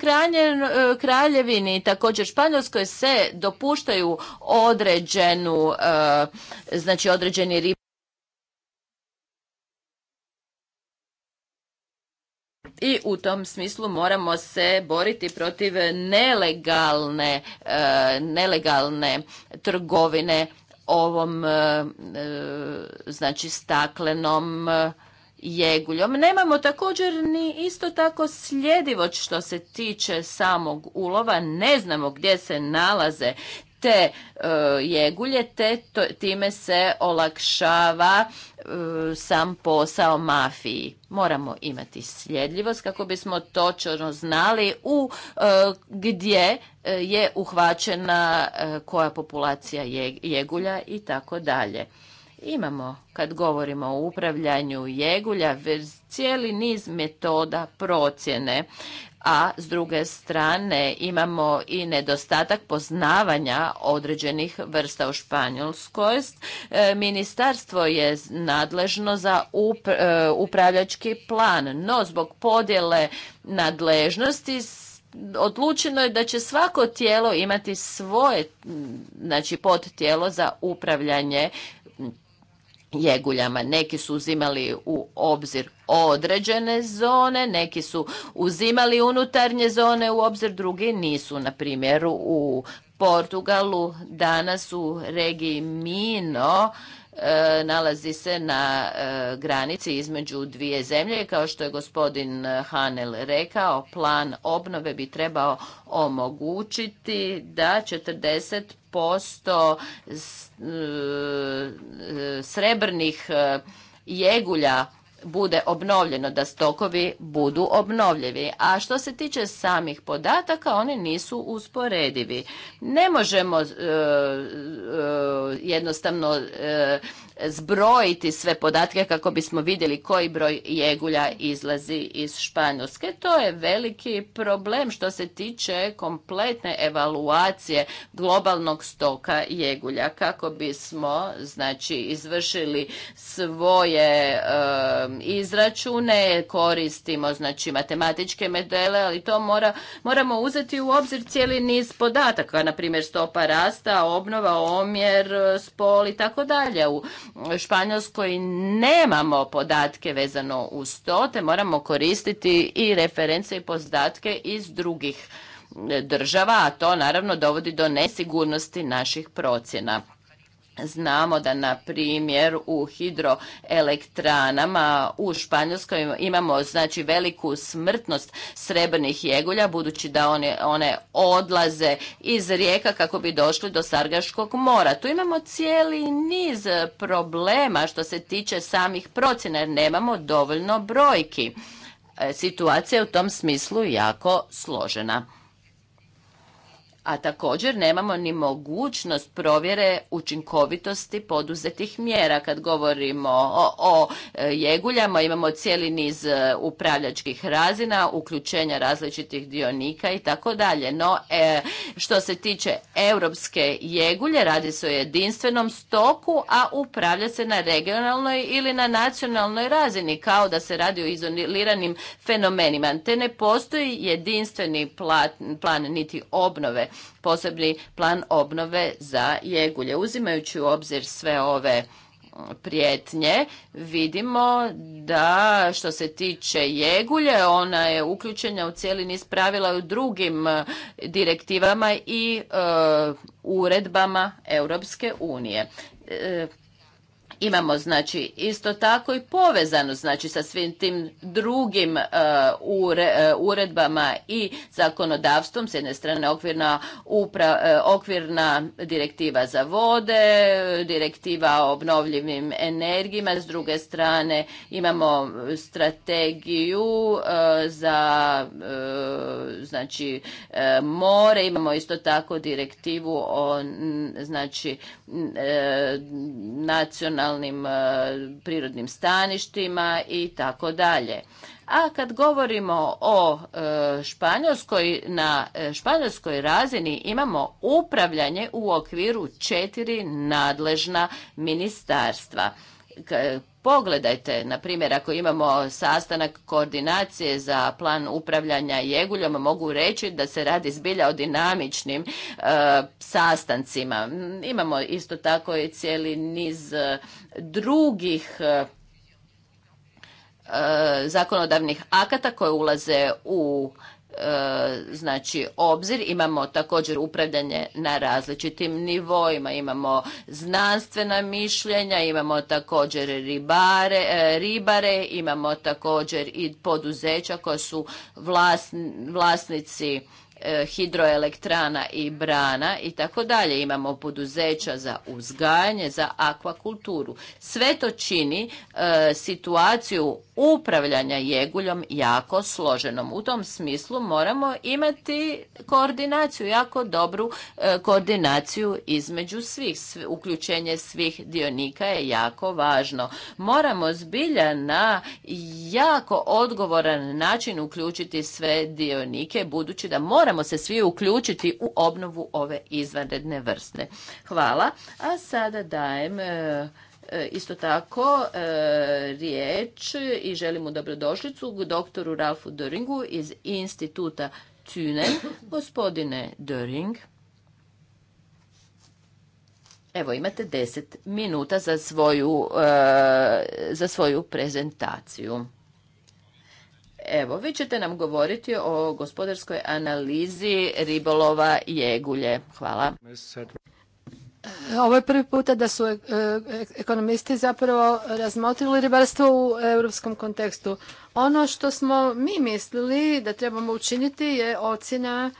kraljevini. Također Španjolskoj se dopuštaju određenu, e, znači određeni i u tom smislu moramo se boriti protiv nelegalne, e, nelegalne trgovine ovom e, e, znači staklenom jeguljom. Nemamo također ni isto tako sljedivoć što se tiče samog ulova. Ne znamo gdje se nalaze te e, jegulje, te time se olakšava e, sam posao mafiji. Moramo imati sljedljivost kako bismo točno znali u e, gdje je uhvaćena koja populacija jegulja i tako dalje. Imamo, kad govorimo o upravljanju jegulja, cijeli niz metoda procjene a s druge strane imamo i nedostatak poznavanja određenih vrsta u Španjolskoj. E, ministarstvo je nadležno za e, upravljački plan, no zbog podjele nadležnosti odlučeno je da će svako tijelo imati svoje znači tijelo za upravljanje jeguljama. Neki su uzimali u obzir određene zone, neki su uzimali unutarnje zone u obzir, drugi nisu. Na primjer, u Portugalu danas u regiji Mino E, nalazi se na e, granici između dvije zemlje. Kao što je gospodin Hanel rekao, plan obnove bi trebao omogućiti da 40% e, srebrnih jegulja bude obnovljeno, da stokovi budu obnovljivi. A što se tiče samih podataka, oni nisu usporedivi. Ne možemo e, e, jednostavno e, zbrojiti sve podatke kako bismo vidjeli koji broj jegulja izlazi iz Španjolske. To je veliki problem što se tiče kompletne evaluacije globalnog stoka jegulja kako bismo znači izvršili svoje Um, izračune, koristimo znači matematičke medele, ali to mora, moramo uzeti u obzir cijeli niz podataka, na primjer stopa rasta, obnova, omjer, uh, spol i tako dalje. U Španjolskoj nemamo podatke vezano uz to, te moramo koristiti i reference i podatke iz drugih e, država, a to naravno dovodi do nesigurnosti naših procjena. Znamo da, na primjer, u hidroelektranama u Španjolskoj imamo znači veliku smrtnost srebrnih jegulja, budući da one, one odlaze iz rijeka kako bi došli do Sargaškog mora. Tu imamo cijeli niz problema što se tiče samih procjena, jer nemamo dovoljno brojki. E, situacija je u tom smislu jako složena a također nemamo ni mogućnost provjere učinkovitosti poduzetih mjera. Kad govorimo o, e, jeguljama, imamo cijeli niz e, upravljačkih razina, uključenja različitih dionika i tako dalje. No, e, što se tiče europske jegulje, radi se o jedinstvenom stoku, a upravlja se na regionalnoj ili na nacionalnoj razini, kao da se radi o izoliranim fenomenima. Te ne postoji jedinstveni plan niti obnove posebni plan obnove za Jegulje. Uzimajući u obzir sve ove prijetnje, vidimo da što se tiče Jegulje, ona je uključena u cijeli niz pravila u drugim e, direktivama i e, uredbama Europske unije. E, Imamo znači isto tako i povezano znači sa svim tim drugim e, e, uredbama i zakonodavstvom s jedne strane okvirna upra, e, okvirna direktiva za vode, direktiva o obnovljivim energijama, s druge strane imamo strategiju za znači more, imamo isto tako direktivu o znači nacionalnom E, prirodnim staništima i tako dalje. A kad govorimo o e, Španjolskoj, na e, španjolskoj razini imamo upravljanje u okviru četiri nadležna ministarstva Pogledajte, na primjer, ako imamo sastanak koordinacije za plan upravljanja jeguljom, mogu reći da se radi zbilja o dinamičnim e, sastancima. Imamo isto tako i cijeli niz e, drugih e, zakonodavnih akata koje ulaze u E, znači obzir imamo također upravljanje na različitim nivoima imamo znanstvena mišljenja imamo također ribare e, ribare imamo također i poduzeća koja su vlasnici e, hidroelektrana i brana i tako dalje. Imamo poduzeća za uzgajanje, za akvakulturu. Sve to čini situaciju upravljanja jeguljom jako složenom. U tom smislu moramo imati koordinaciju, jako dobru e, koordinaciju između svih. uključenje svih dionika je jako važno. Moramo zbilja na jako odgovoran način uključiti sve dionike, budući da moramo se svi uključiti u obnovu ove izvanredne vrste. Hvala. A sada dajem... E, E, isto tako e, riječ i želimo dobrodošlicu doktoru Ralfu Döringu iz instituta CUNE. <clears throat> Gospodine Döring, evo imate deset minuta za svoju, e, za svoju prezentaciju. Evo, vi ćete nam govoriti o gospodarskoj analizi ribolova jegulje. Hvala. Ovo je prvi puta da su e, e, ekonomisti zapravo razmotrili ribarstvo u europskom kontekstu. Ono što smo mi mislili da trebamo učiniti je ocjena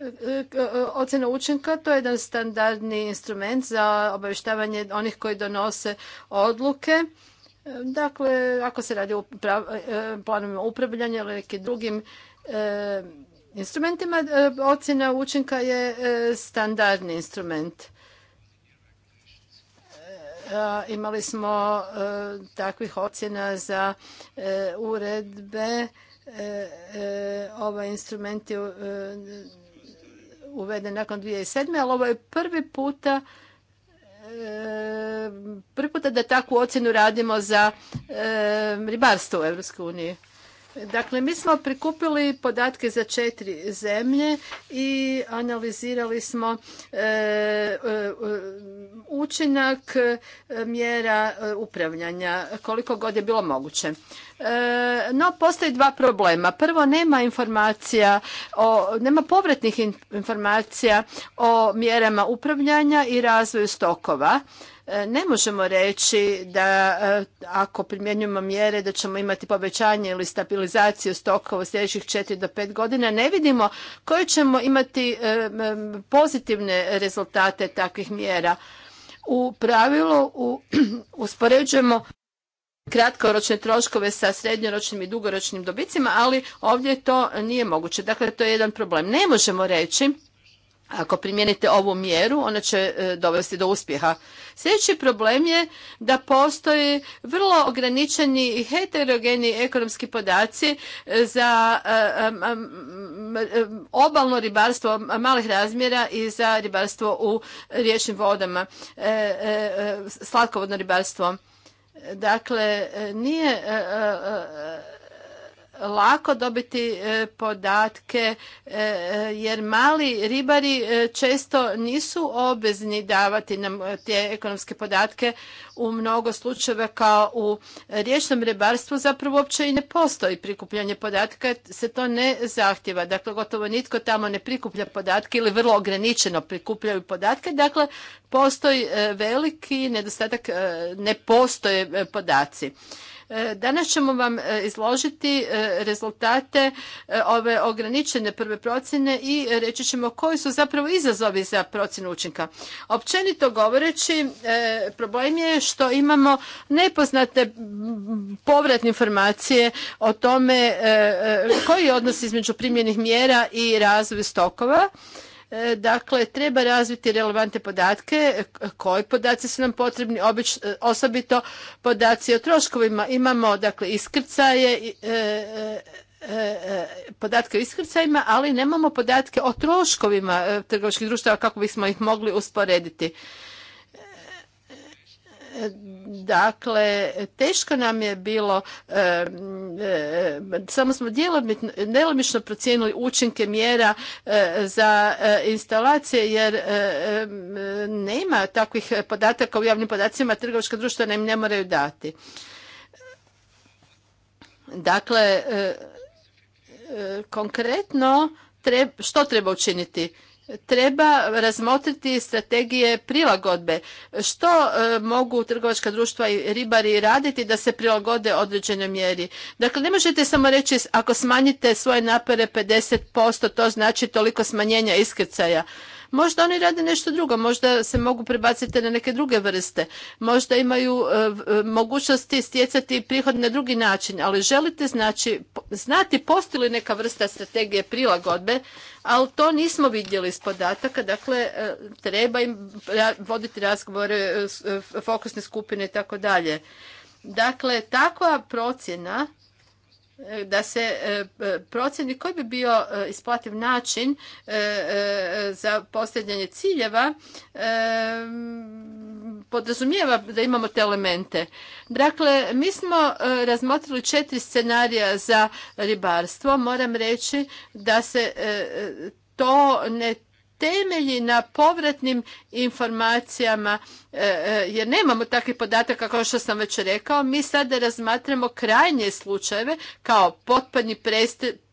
e, ocjena učinka to je jedan standardni instrument za obavještavanje onih koji donose odluke. Dakle, ako se radi o planovima upravljanja ili nekim drugim instrumentima. E, ocjena učinka je e, standardni instrument. E, imali smo takvih ocjena za uredbe. Ovaj instrument je uveden nakon 2007. ali ovo je prvi puta prvi puta da takvu ocjenu radimo za ribarstvo u EU. Dakle, mi smo prikupili podatke za četiri zemlje i analizirali smo e, e, e, učinak mjera upravljanja koliko god je bilo moguće. No, postoji dva problema. Prvo, nema informacija, o, nema povratnih informacija o mjerama upravljanja i razvoju stokova. E, ne možemo reći da e, ako primjenjujemo mjere da ćemo imati povećanje ili stabilizaciju stokova u sljedećih četiri do pet godina. Ne vidimo koje ćemo imati e, pozitivne rezultate takvih mjera. U pravilu u, <clears throat> uspoređujemo kratkoročne troškove sa srednjoročnim i dugoročnim dobicima, ali ovdje to nije moguće. Dakle, to je jedan problem. Ne možemo reći ako primijenite ovu mjeru, ona će e, dovesti do uspjeha. Sljedeći problem je da postoji vrlo ograničeni i heterogeni ekonomski podaci e, za e, obalno ribarstvo malih razmjera i za ribarstvo u riječnim vodama, slatkovodno ribarstvo. Dakle, nije lako dobiti e, podatke e, e, jer mali ribari često nisu obvezni davati nam te ekonomske podatke u mnogo slučajeva kao u riječnom ribarstvu zapravo uopće i ne postoji prikupljanje podatka se to ne zahtjeva. Dakle, gotovo nitko tamo ne prikuplja podatke ili vrlo ograničeno prikupljaju podatke. Dakle, postoji veliki nedostatak, ne postoje podaci. E, danas ćemo vam e, izložiti e, rezultate ove ograničene prve procjene i reći ćemo koji su zapravo izazovi za procjenu učinka. Općenito govoreći, problem je što imamo nepoznate povratne informacije o tome koji je odnos između primjenih mjera i razvoju stokova E, dakle, treba razviti relevante podatke, koji podaci su nam potrebni, obič, e, osobito podaci o troškovima. Imamo, dakle, iskrcaje, e, podatke o iskrcajima, ali nemamo podatke o troškovima trgovačkih društava kako bismo ih mogli usporediti. Dakle, teško nam je bilo, samo smo djelomično procijenili učinke mjera eh, za eh, instalacije jer eh, nema takvih podataka u javnim podacima, trgovačka društva nam ne moraju dati. Dakle, konkretno što treba učiniti? treba razmotriti strategije prilagodbe. Što e, mogu trgovačka društva i ribari raditi da se prilagode određenoj mjeri? Dakle, ne možete samo reći ako smanjite svoje napore 50%, to znači toliko smanjenja iskrcaja. Možda oni rade nešto drugo, možda se mogu prebaciti na neke druge vrste, možda imaju e, e, mogućnosti stjecati prihod na drugi način, ali želite znači znati postoji li neka vrsta strategije prilagodbe, ali to nismo vidjeli iz podataka, dakle e, treba im voditi razgovore, fokusne skupine i tako dalje. Dakle, takva procjena da se e, procjeni koji bi bio e, isplativ način e, za postavljanje ciljeva podrazumijeva da imamo te elemente. Dakle, mi smo razmotrili četiri scenarija za ribarstvo. Moram reći da se to ne temelji na povratnim informacijama, e, e, jer nemamo takvih podataka kao što sam već rekao. Mi sada razmatramo krajnje slučajeve kao potpadni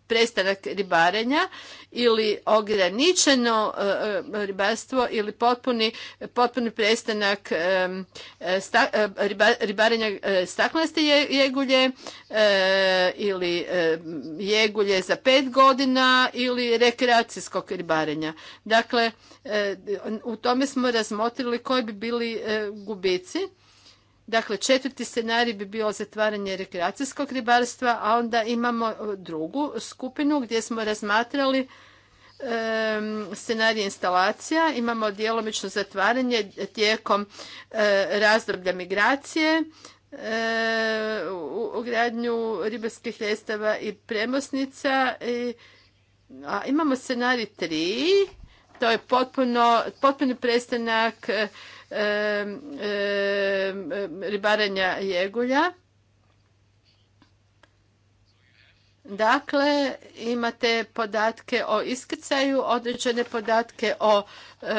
prestanak ribarenja ili ograničeno e, e, ribarstvo ili potpuni, potpuni prestanak e, ribarenja jegulje ili jegulje za pet godina ili rekreacijskog ribarenja. Dakle, u tome smo razmotrili koji bi bili gubici Dakle, četvrti scenarij bi bio zatvaranje rekreacijskog ribarstva, a onda imamo e, drugu skupinu gdje smo razmatrali scenarij instalacija, imamo djelomično zatvaranje tijekom e, razdoblja migracije, e, u gradnju ribarskih ljestava i premosnica. A imamo scenarij tri... To je potpuno, potpuni prestanak e, e, e, ribarenja jegulja. Dakle, imate podatke o iskrcaju, određene podatke o e,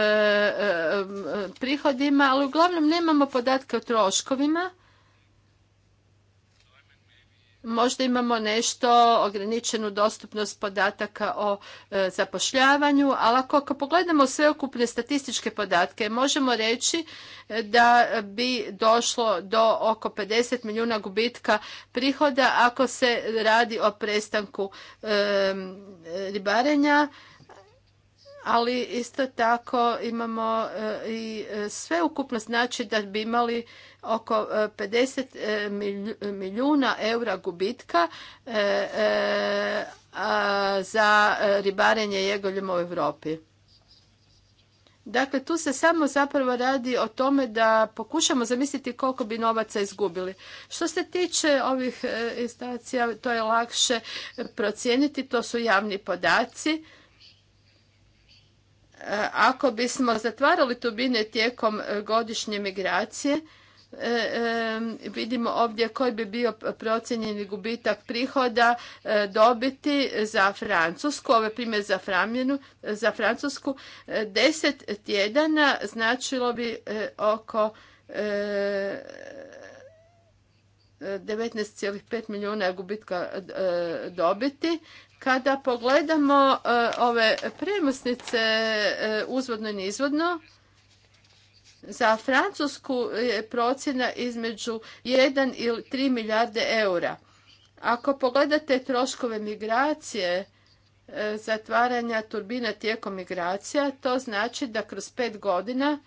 prihodima, ali uglavnom nemamo podatke o troškovima Možda imamo nešto ograničenu dostupnost podataka o e, zapošljavanju, ali ako pogledamo sveukupne statističke podatke, možemo reći e, da bi došlo do oko 50 milijuna gubitka prihoda ako se radi o prestanku e, ribarenja ali isto tako imamo e, i e, sve ukupno znači da bi imali oko 50 e, milijuna eura gubitka za ribarenje jegoljima u Europi. Dakle, tu se samo zapravo radi o tome da pokušamo zamisliti koliko bi novaca izgubili. Što se tiče ovih instalacija, to je lakše procijeniti, to su javni podaci ako bismo zatvarali tubine tijekom e, godišnje migracije, e, e, vidimo ovdje koji bi bio procijenjeni gubitak prihoda dobiti za Francusku, ove primjer za, za Francusku, deset tjedana značilo bi oko 19,5 milijuna gubitka dobiti kada pogledamo e, ove premosnice e, uzvodno i nizvodno, za Francusku je procjena između 1 ili 3 milijarde eura. Ako pogledate troškove migracije, e, zatvaranja turbina tijekom migracija, to znači da kroz pet godina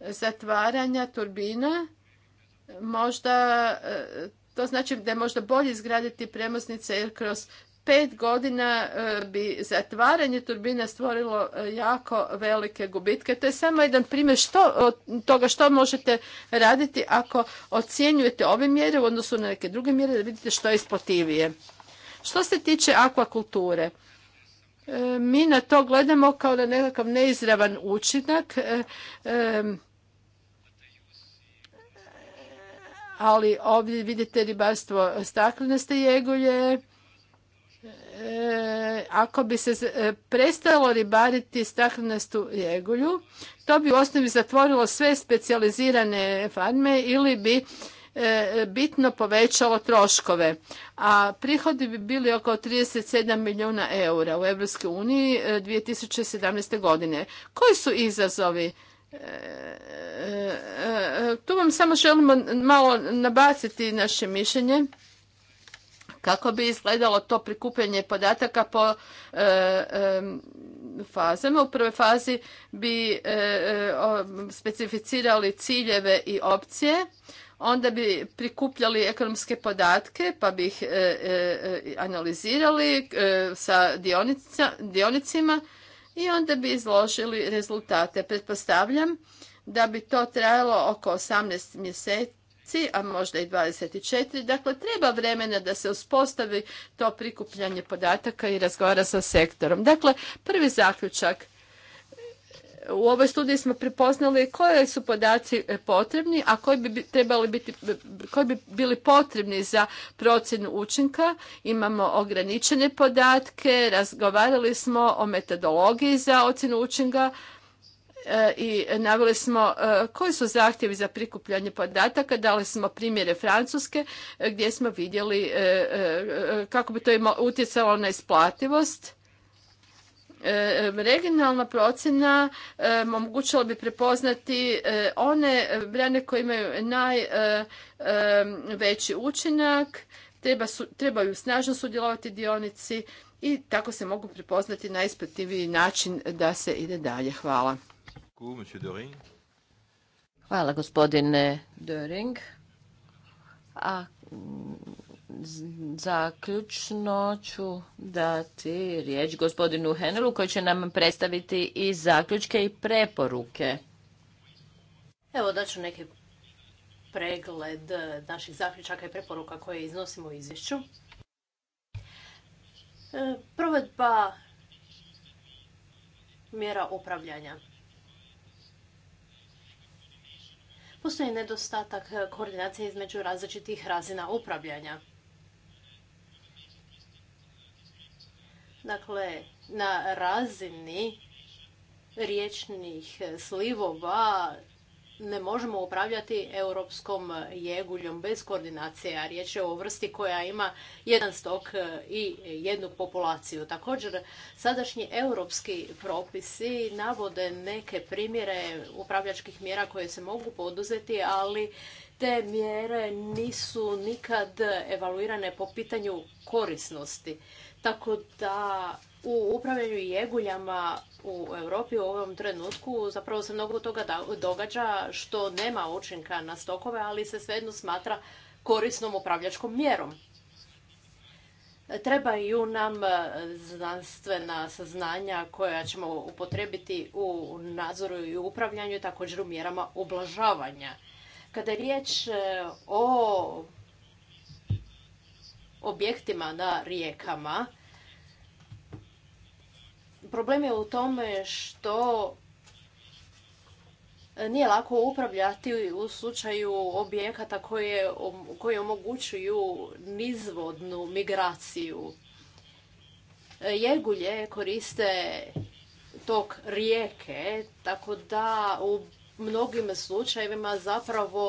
zatvaranja turbina možda, to znači da je možda bolje izgraditi premosnice jer kroz pet godina e, bi zatvaranje turbina stvorilo e, jako velike gubitke. To je samo jedan primjer što, toga što možete raditi ako ocjenjujete ove mjere u odnosu na neke druge mjere da vidite što je isplativije. Što se tiče akvakulture, e, mi na to gledamo kao na nekakav neizravan učinak, ali ovdje vidite ribarstvo staklenaste jegulje, ako bi se e, prestalo ribariti staklenastu jegulju, to bi u osnovi zatvorilo sve specijalizirane farme ili bi e, bitno povećalo troškove, a prihodi bi bili oko 37 milijuna eura u EU 2017. E, godine. Koji su izazovi? Tu vam samo želimo malo nabaciti naše mišljenje. Kako bi izgledalo to prikupljanje podataka po e, e fazama? U prvoj fazi bi e, e, specificirali ciljeve i opcije, onda bi prikupljali ekonomske podatke pa bi ih analizirali sa dionicima i onda bi izložili rezultate. Pretpostavljam da bi to trajalo oko 18 mjeseci a možda i 24. Dakle, treba vremena da se uspostavi to prikupljanje podataka i razgovara sa sektorom. Dakle, prvi zaključak. U ovoj studiji smo prepoznali koje su podaci e, potrebni, a koji bi, trebali biti, koji bi bili potrebni za procjenu učinka. Imamo ograničene podatke, razgovarali smo o metodologiji za ocjenu učinka, E, i naveli smo e, koji su zahtjevi za prikupljanje podataka, dali smo primjere Francuske e, gdje smo vidjeli kako bi to utjecalo na isplativost. Regionalna procjena omogućila bi prepoznati one brane koje imaju najveći učinak, trebaju snažno sudjelovati dionici i tako se mogu prepoznati najisplativiji način da se ide dalje. Hvala. Hvala gospodine Döring. A zaključno ću dati riječ gospodinu Henelu koji će nam predstaviti i zaključke i preporuke. Evo ću neki pregled naših zaključaka i preporuka koje iznosimo u izvješću. E, provedba mjera upravljanja. postoji nedostatak eh, koordinacije između različitih razina upravljanja. Dakle, na razini riječnih slivova ne možemo upravljati europskom jeguljom bez koordinacije, a riječ je o vrsti koja ima jedan stok e, i jednu populaciju. Također, sadašnji europski propisi navode neke primjere upravljačkih mjera koje se mogu poduzeti, ali te mjere nisu nikad evaluirane po pitanju korisnosti. Tako da u upravljanju jeguljama u Europi u ovom trenutku zapravo se mnogo toga događa što nema učinka na stokove, ali se svejedno smatra korisnom upravljačkom mjerom. Trebaju nam e, znanstvena saznanja koja ćemo upotrebiti u nadzoru i upravljanju i također u mjerama oblažavanja. Kada je riječ e, o objektima na rijekama, problem je u tome što nije lako upravljati u slučaju objekata koji omogućuju nizvodnu migraciju. Jegulje koriste tok rijeke, tako da u mnogim slučajevima zapravo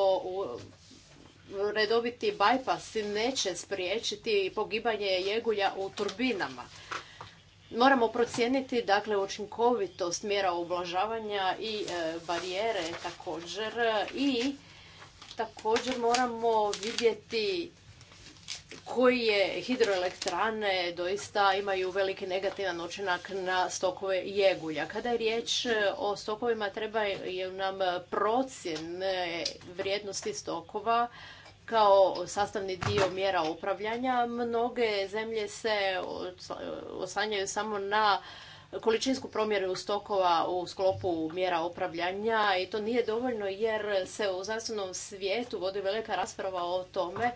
redoviti bajpas neće spriječiti pogibanje jegulja u turbinama moramo procijeniti dakle učinkovitost mjera ublažavanja i e, barijere također i također moramo vidjeti koje hidroelektrane doista imaju veliki negativan učinak na stokove jegulja. Kada je riječ e, o stokovima je nam procjene vrijednosti stokova kao sastavni dio mjera upravljanja. Mnoge zemlje se osanjaju samo na količinsku promjeru stokova u sklopu mjera upravljanja i to nije dovoljno jer se u znanstvenom svijetu vodi velika rasprava o tome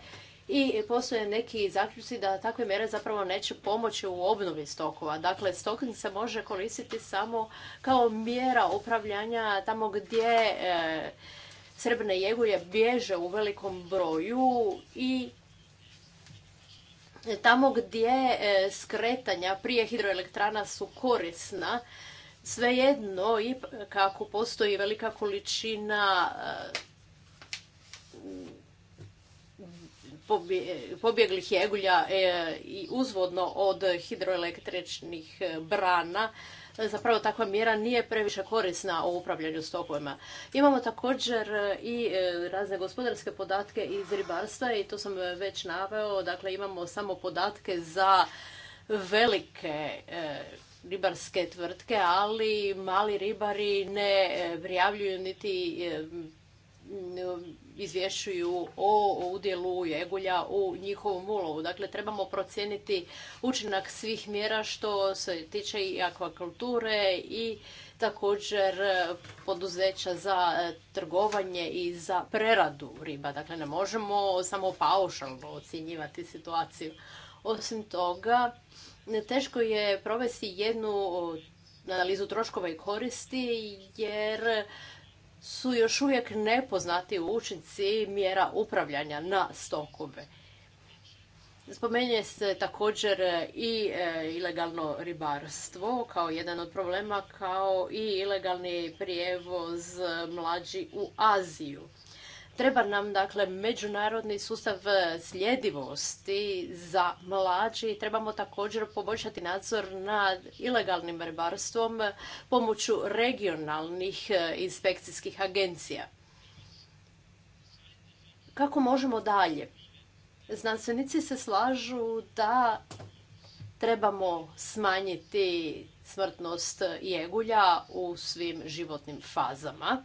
i postoje neki zaključci da takve mjere zapravo neće pomoći u obnovi stokova. Dakle, stoking se može koristiti samo kao mjera upravljanja tamo gdje e, srebrne jegulje bježe u velikom broju i tamo gdje e, skretanja prije hidroelektrana su korisna, svejedno i kako postoji velika količina e, pobjeglih jegulja e, i uzvodno od hidroelektričnih brana zapravo takva mjera nije previše korisna u upravljanju stokovima. Imamo također i e, razne gospodarske podatke iz ribarstva i to sam e, već naveo. Dakle, imamo samo podatke za velike e, ribarske tvrtke, ali mali ribari ne prijavljuju niti Mm, izvješuju o udjelu jegulja u njihovom ulovu. Dakle, trebamo procijeniti učinak svih mjera što se tiče i akvakulture i također poduzeća za e, trgovanje i za preradu riba. Dakle, ne možemo samo paušalno ocjenjivati situaciju. Osim toga, teško je provesti jednu e, analizu troškova i koristi jer su još uvijek nepoznati učinci mjera upravljanja na stokove. Spomenje se također i e, ilegalno ribarstvo kao jedan od problema, kao i ilegalni prijevoz mlađi u Aziju. Treba nam dakle međunarodni sustav e, sljedivosti za i Trebamo također poboljšati nadzor nad ilegalnim ribarstvom e, pomoću regionalnih e, inspekcijskih agencija. Kako možemo dalje? Znanstvenici se slažu da trebamo smanjiti smrtnost jegulja u svim životnim fazama.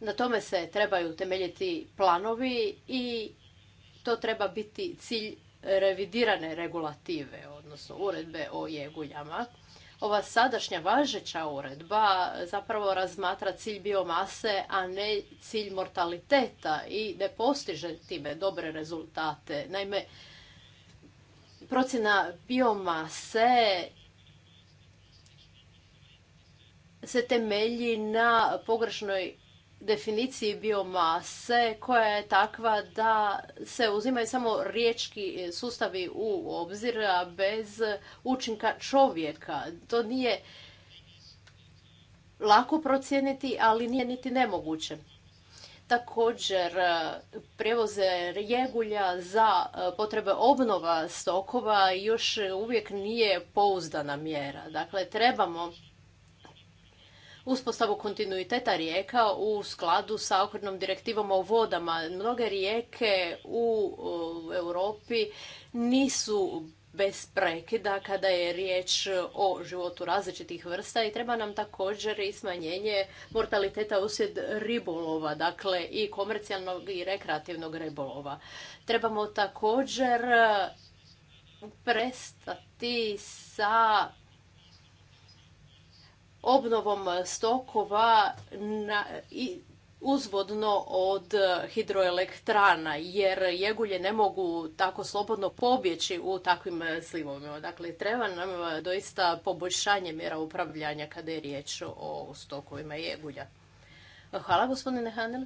Na tome se trebaju temeljiti planovi i to treba biti cilj revidirane regulative, odnosno uredbe o jeguljama. Ova sadašnja važeća uredba zapravo razmatra cilj biomase, a ne cilj mortaliteta i ne postiže time dobre rezultate. Naime, procjena biomase se temelji na pogrešnoj definiciji biomase koja je takva da se uzimaju samo riječki e, sustavi u obzir bez učinka čovjeka. To nije lako procijeniti, ali nije niti nemoguće. Također, e, prijevoze rijegulja za e, potrebe obnova stokova još uvijek nije pouzdana mjera. Dakle, trebamo uspostavu kontinuiteta rijeka u skladu sa okvirnom direktivom o vodama. Mnoge rijeke u Europi nisu bez prekida kada je riječ o životu različitih vrsta i treba nam također i smanjenje mortaliteta uslijed ribolova, dakle i komercijalnog i rekreativnog ribolova. Trebamo također prestati sa obnovom stokova i uzvodno od hidroelektrana, jer jegulje ne mogu tako slobodno pobjeći u takvim slivovima. Dakle, treba nam doista poboljšanje mjera upravljanja kada je riječ o stokovima jegulja. Hvala, gospodine Hanel.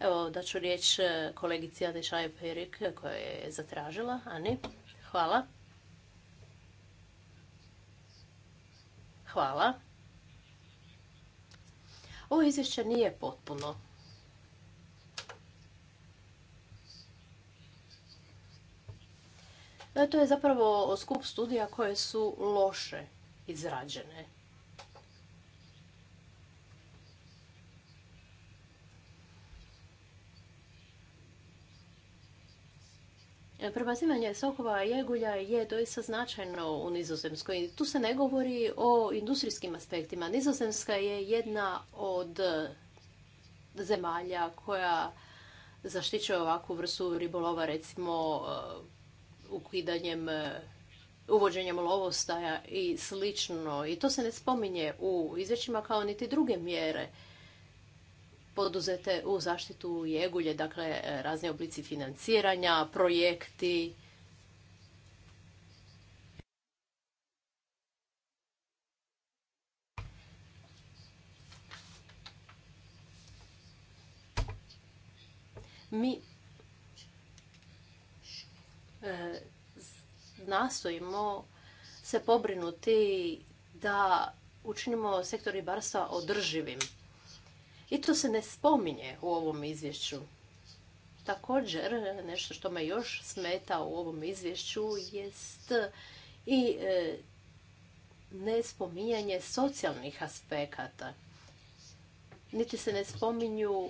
Evo, da ću riječ kolegici Ani Perik koja je zatražila. Ani, hvala. Hvala. Ovo izvješće nije potpuno. E, to je zapravo skup studija koje su loše izrađene. Prebacivanje sokova jegulja je doista značajno u Nizozemskoj. Tu se ne govori o industrijskim aspektima. Nizozemska je jedna od zemalja koja zaštićuje ovakvu vrstu ribolova, recimo uh, ukidanjem uh, uvođenjem lovostaja i slično. I to se ne spominje u izvješćima kao niti druge mjere poduzete u zaštitu jegulje, dakle razne oblici financiranja, projekti. Mi e, nastojimo se pobrinuti da učinimo sektor ribarstva održivim. I to se ne spominje u ovom izvješću. Također, nešto što me još smeta u ovom izvješću jest i e, ne spominjanje socijalnih aspekata. Niti se ne spominju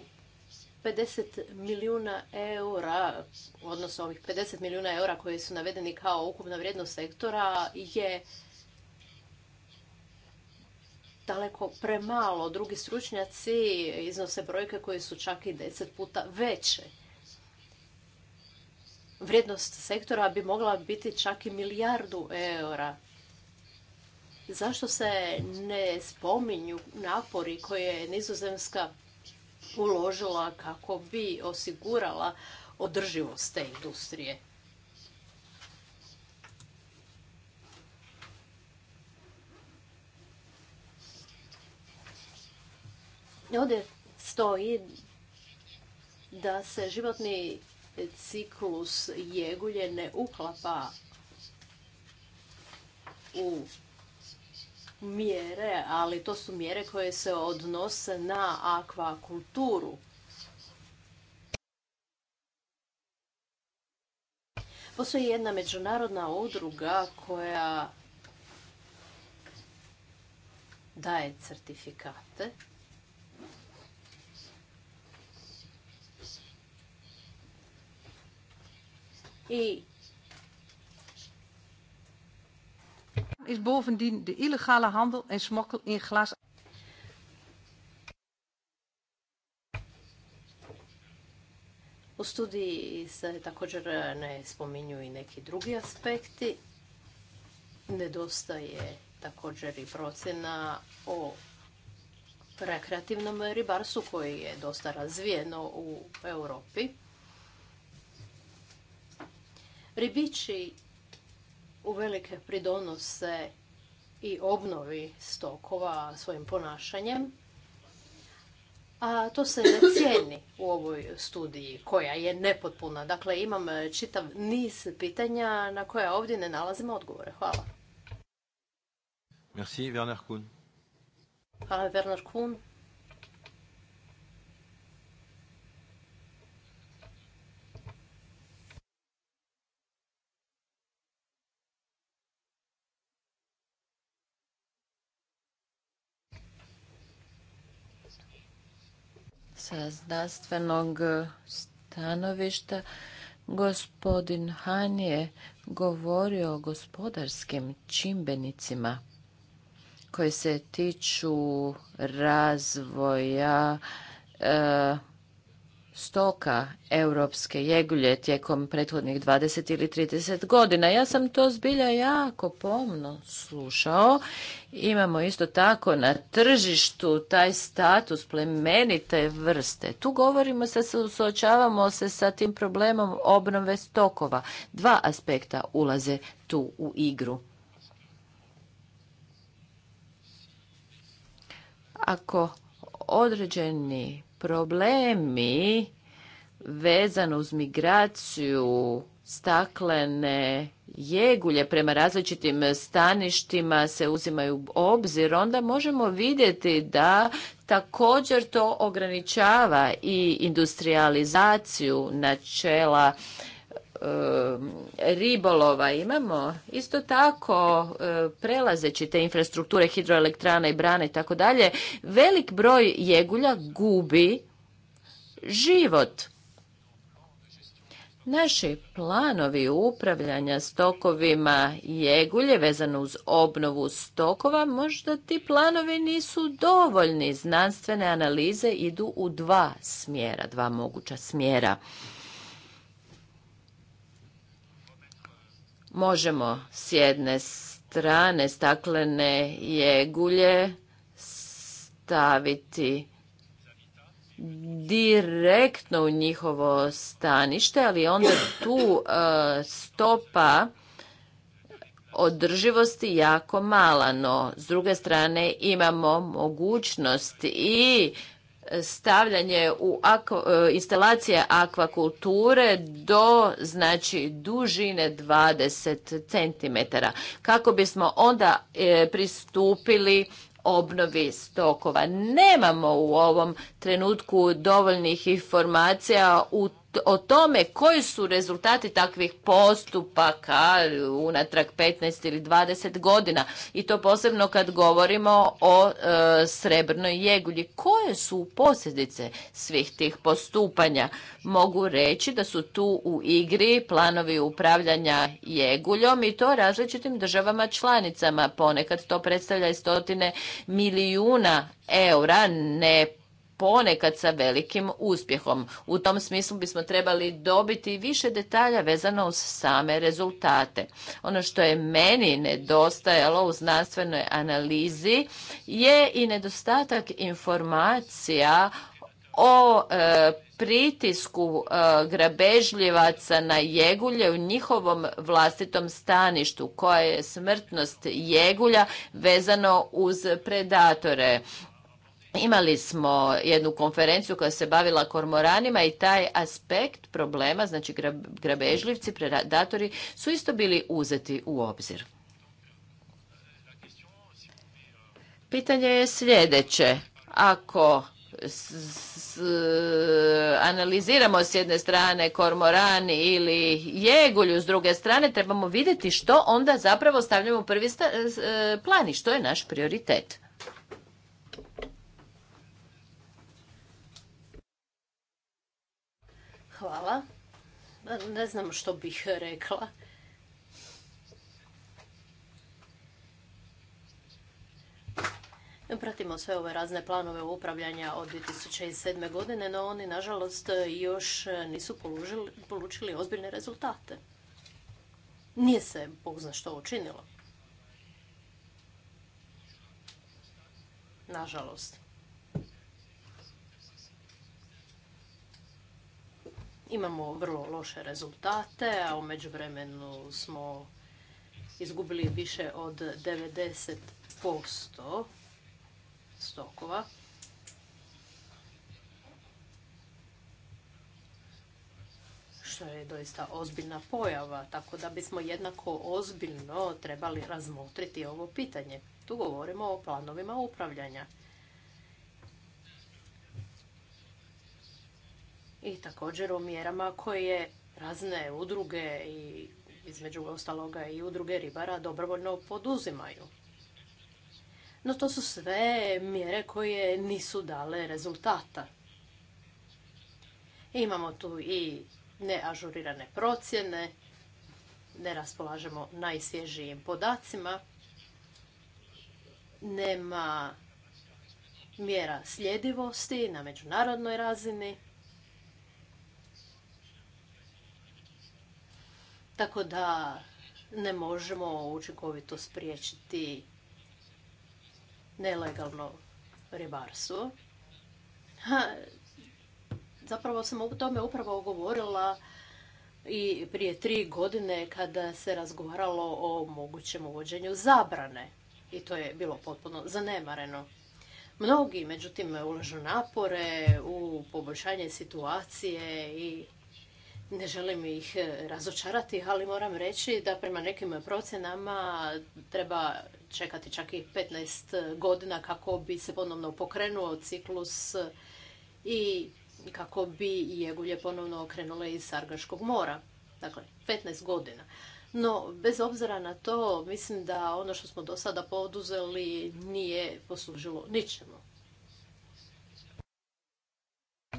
50 milijuna eura, odnosno ovih 50 milijuna eura koji su navedeni kao ukupna vrijednost sektora je daleko premalo. Drugi stručnjaci iznose brojke koje su čak i deset puta veće. Vrijednost sektora bi mogla biti čak i milijardu eura. Zašto se ne spominju napori koje je Nizozemska uložila kako bi osigurala održivost te industrije? Ovdje stoji da se životni ciklus jegulje ne uklapa u mjere, ali to su mjere koje se odnose na akvakulturu. Postoji jedna međunarodna udruga koja daje certifikate I is bovendien de illegale handel en smokkel in glas. U studiji se također eh, ne spominju i neki drugi aspekti. Nedostaje također i procjena o rekreativnom ribarstvu koji je dosta razvijeno u Europi. Ribiči velike pridonose i obnovi stokova svojim ponašanjem, a to se ne cijeni u ovoj studiji koja je nepotpuna. Dakle, imam čitav niz pitanja na koja ovdje ne nalazimo odgovore. Hvala. Merci, Werner Kuhn. Hvala, Werner Kuhn. sa zdravstvenog e, stanovišta. Gospodin Han je govorio o gospodarskim čimbenicima koji se tiču razvoja e, stoka europske jegulje tijekom prethodnih 20 ili 30 godina. Ja sam to zbilja jako pomno slušao. Imamo isto tako na tržištu taj status plemenite vrste. Tu govorimo se, suočavamo se sa tim problemom obnove stokova. Dva aspekta ulaze tu u igru. Ako određeni problemi vezano uz migraciju staklene jegulje prema različitim staništima se uzimaju u obzir, onda možemo vidjeti da također to ograničava i industrializaciju načela E, ribolova imamo isto tako e, prelazeći te infrastrukture hidroelektrana i brane i tako dalje velik broj jegulja gubi život Naši planovi upravljanja stokovima jegulje vezano uz obnovu stokova, možda ti planovi nisu dovoljni. Znanstvene analize idu u dva smjera, dva moguća smjera. možemo s jedne strane staklene jegulje staviti direktno u njihovo stanište, ali onda tu e, stopa održivosti jako mala, no s druge strane imamo mogućnost i stavljanje u e, instalacije akvakulture do znači dužine 20 cm kako bismo onda e, pristupili obnovi stokova. Nemamo u ovom trenutku dovoljnih informacija u o tome koji su rezultati takvih postupaka unatrag 15 ili 20 godina i to posebno kad govorimo o e, srebrnoj jegulji. Koje su posljedice svih tih postupanja? Mogu reći da su tu u igri planovi upravljanja jeguljom i to različitim državama članicama. Ponekad to predstavlja i stotine milijuna eura ne ponekad sa velikim uspjehom. U tom smislu bismo trebali dobiti više detalja vezano uz same rezultate. Ono što je meni nedostajalo u znanstvenoj analizi je i nedostatak informacija o e, pritisku e, grabežljivaca na jegulje u njihovom vlastitom staništu koja je smrtnost jegulja vezano uz predatore Imali smo jednu konferenciju koja se bavila kormoranima i taj aspekt problema, znači grabežljivci, predatori, su isto bili uzeti u obzir. Pitanje je sljedeće. Ako analiziramo s jedne strane kormoran ili jegulju, s druge strane trebamo vidjeti što onda zapravo stavljamo u prvi e, plan i što je naš prioritet. Hvala. Ne znam što bih rekla. Pratimo sve ove razne planove upravljanja od 2007. godine, no oni nažalost još nisu polučili ozbiljne rezultate. Nije se, Bog zna što, učinilo. Nažalost. Imamo vrlo loše rezultate, a u međuvremenu smo izgubili više od 90% stokova. Što je doista ozbiljna pojava, tako da bismo jednako ozbiljno trebali razmotriti ovo pitanje. Tu govorimo o planovima upravljanja. i također o mjerama koje razne udruge i između ostaloga i udruge ribara dobrovoljno poduzimaju. No to su sve mjere koje nisu dale rezultata. Imamo tu i neažurirane procjene, ne raspolažemo najsvježijim podacima, nema mjera sljedivosti na međunarodnoj razini, Tako da ne možemo učinkovito spriječiti nelegalno ribarstvo. zapravo sam o tome upravo govorila i prije tri godine kada se razgovaralo o mogućem uvođenju zabrane. I to je bilo potpuno zanemareno. Mnogi, međutim, ulažu napore u poboljšanje situacije i ne želim ih e, razočarati, ali moram reći da prema nekim procjenama treba čekati čak i 15 godina kako bi se ponovno pokrenuo ciklus i kako bi jegulje ponovno okrenule iz Sargaškog mora. Dakle, 15 godina. No, bez obzira na to, mislim da ono što smo do sada poduzeli nije poslužilo ničemu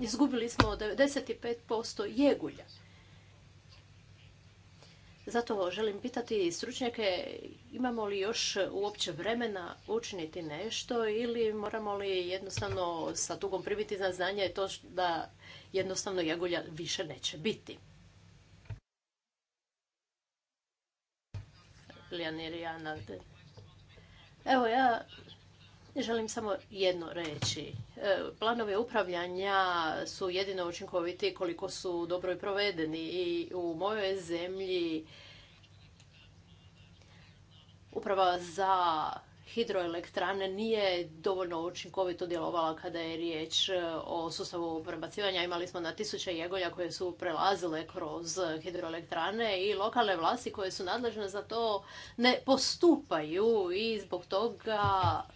izgubili smo 95% jegulja. Zato želim pitati stručnjake imamo li još uopće vremena učiniti nešto ili moramo li jednostavno sa tugom pribiti na znanje to da jednostavno jegulja više neće biti. Evo ja Želim samo jedno reći. E, planovi upravljanja su jedino učinkoviti koliko su dobro i provedeni i u mojoj zemlji uprava za hidroelektrane nije dovoljno učinkovito djelovala kada je riječ e, o sustavu prebacivanja. Imali smo na tisuće jegolja koje su prelazile kroz hidroelektrane i lokalne vlasti koje su nadležne za to ne postupaju i zbog toga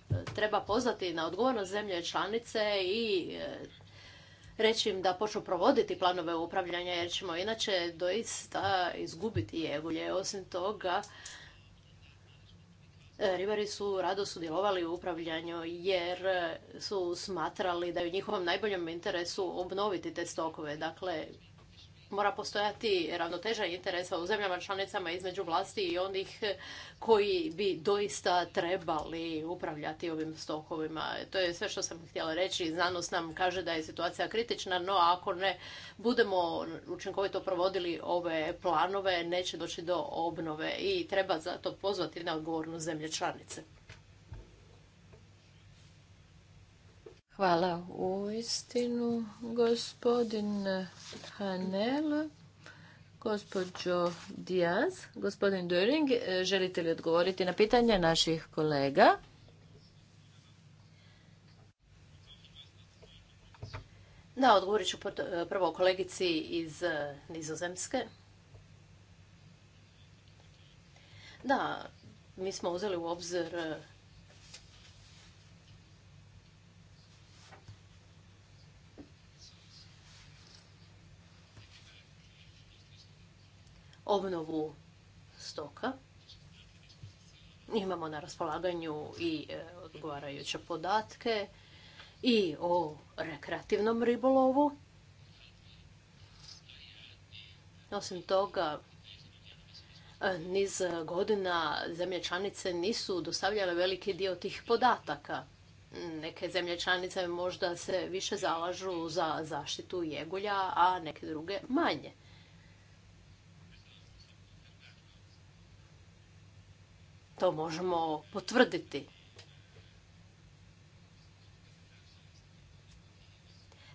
e, treba pozvati na odgovornost zemlje članice i e, reći im da počnu provoditi planove upravljanja jer ćemo inače doista izgubiti jegulje. Osim toga, ribari su rado sudjelovali u upravljanju jer e, su smatrali da je u njihovom najboljem interesu obnoviti te stokove. Dakle, mora postojati ravnoteža interesa u zemljama članicama između vlasti i onih koji bi doista trebali upravljati ovim stokovima. To je sve što sam htjela reći. Znanost nam kaže da je situacija kritična, no ako ne budemo učinkovito provodili ove planove, neće doći do obnove i treba zato pozvati na odgovornost zemlje članice. Hvala u istinu, gospodin Hanel, gospođo Diaz, gospodin Döring, želite li odgovoriti na pitanje naših kolega? Da, odgovorit ću prvo kolegici iz Nizozemske. Da, mi smo uzeli u obzir obnovu stoka. Imamo na raspolaganju i e, odgovarajuće podatke i o rekreativnom ribolovu. Osim toga, e, niz godina zemlje članice nisu dostavljale veliki dio tih podataka. Neke zemlje članice možda se više zalažu za zaštitu jegulja, a neke druge manje. to možemo potvrditi.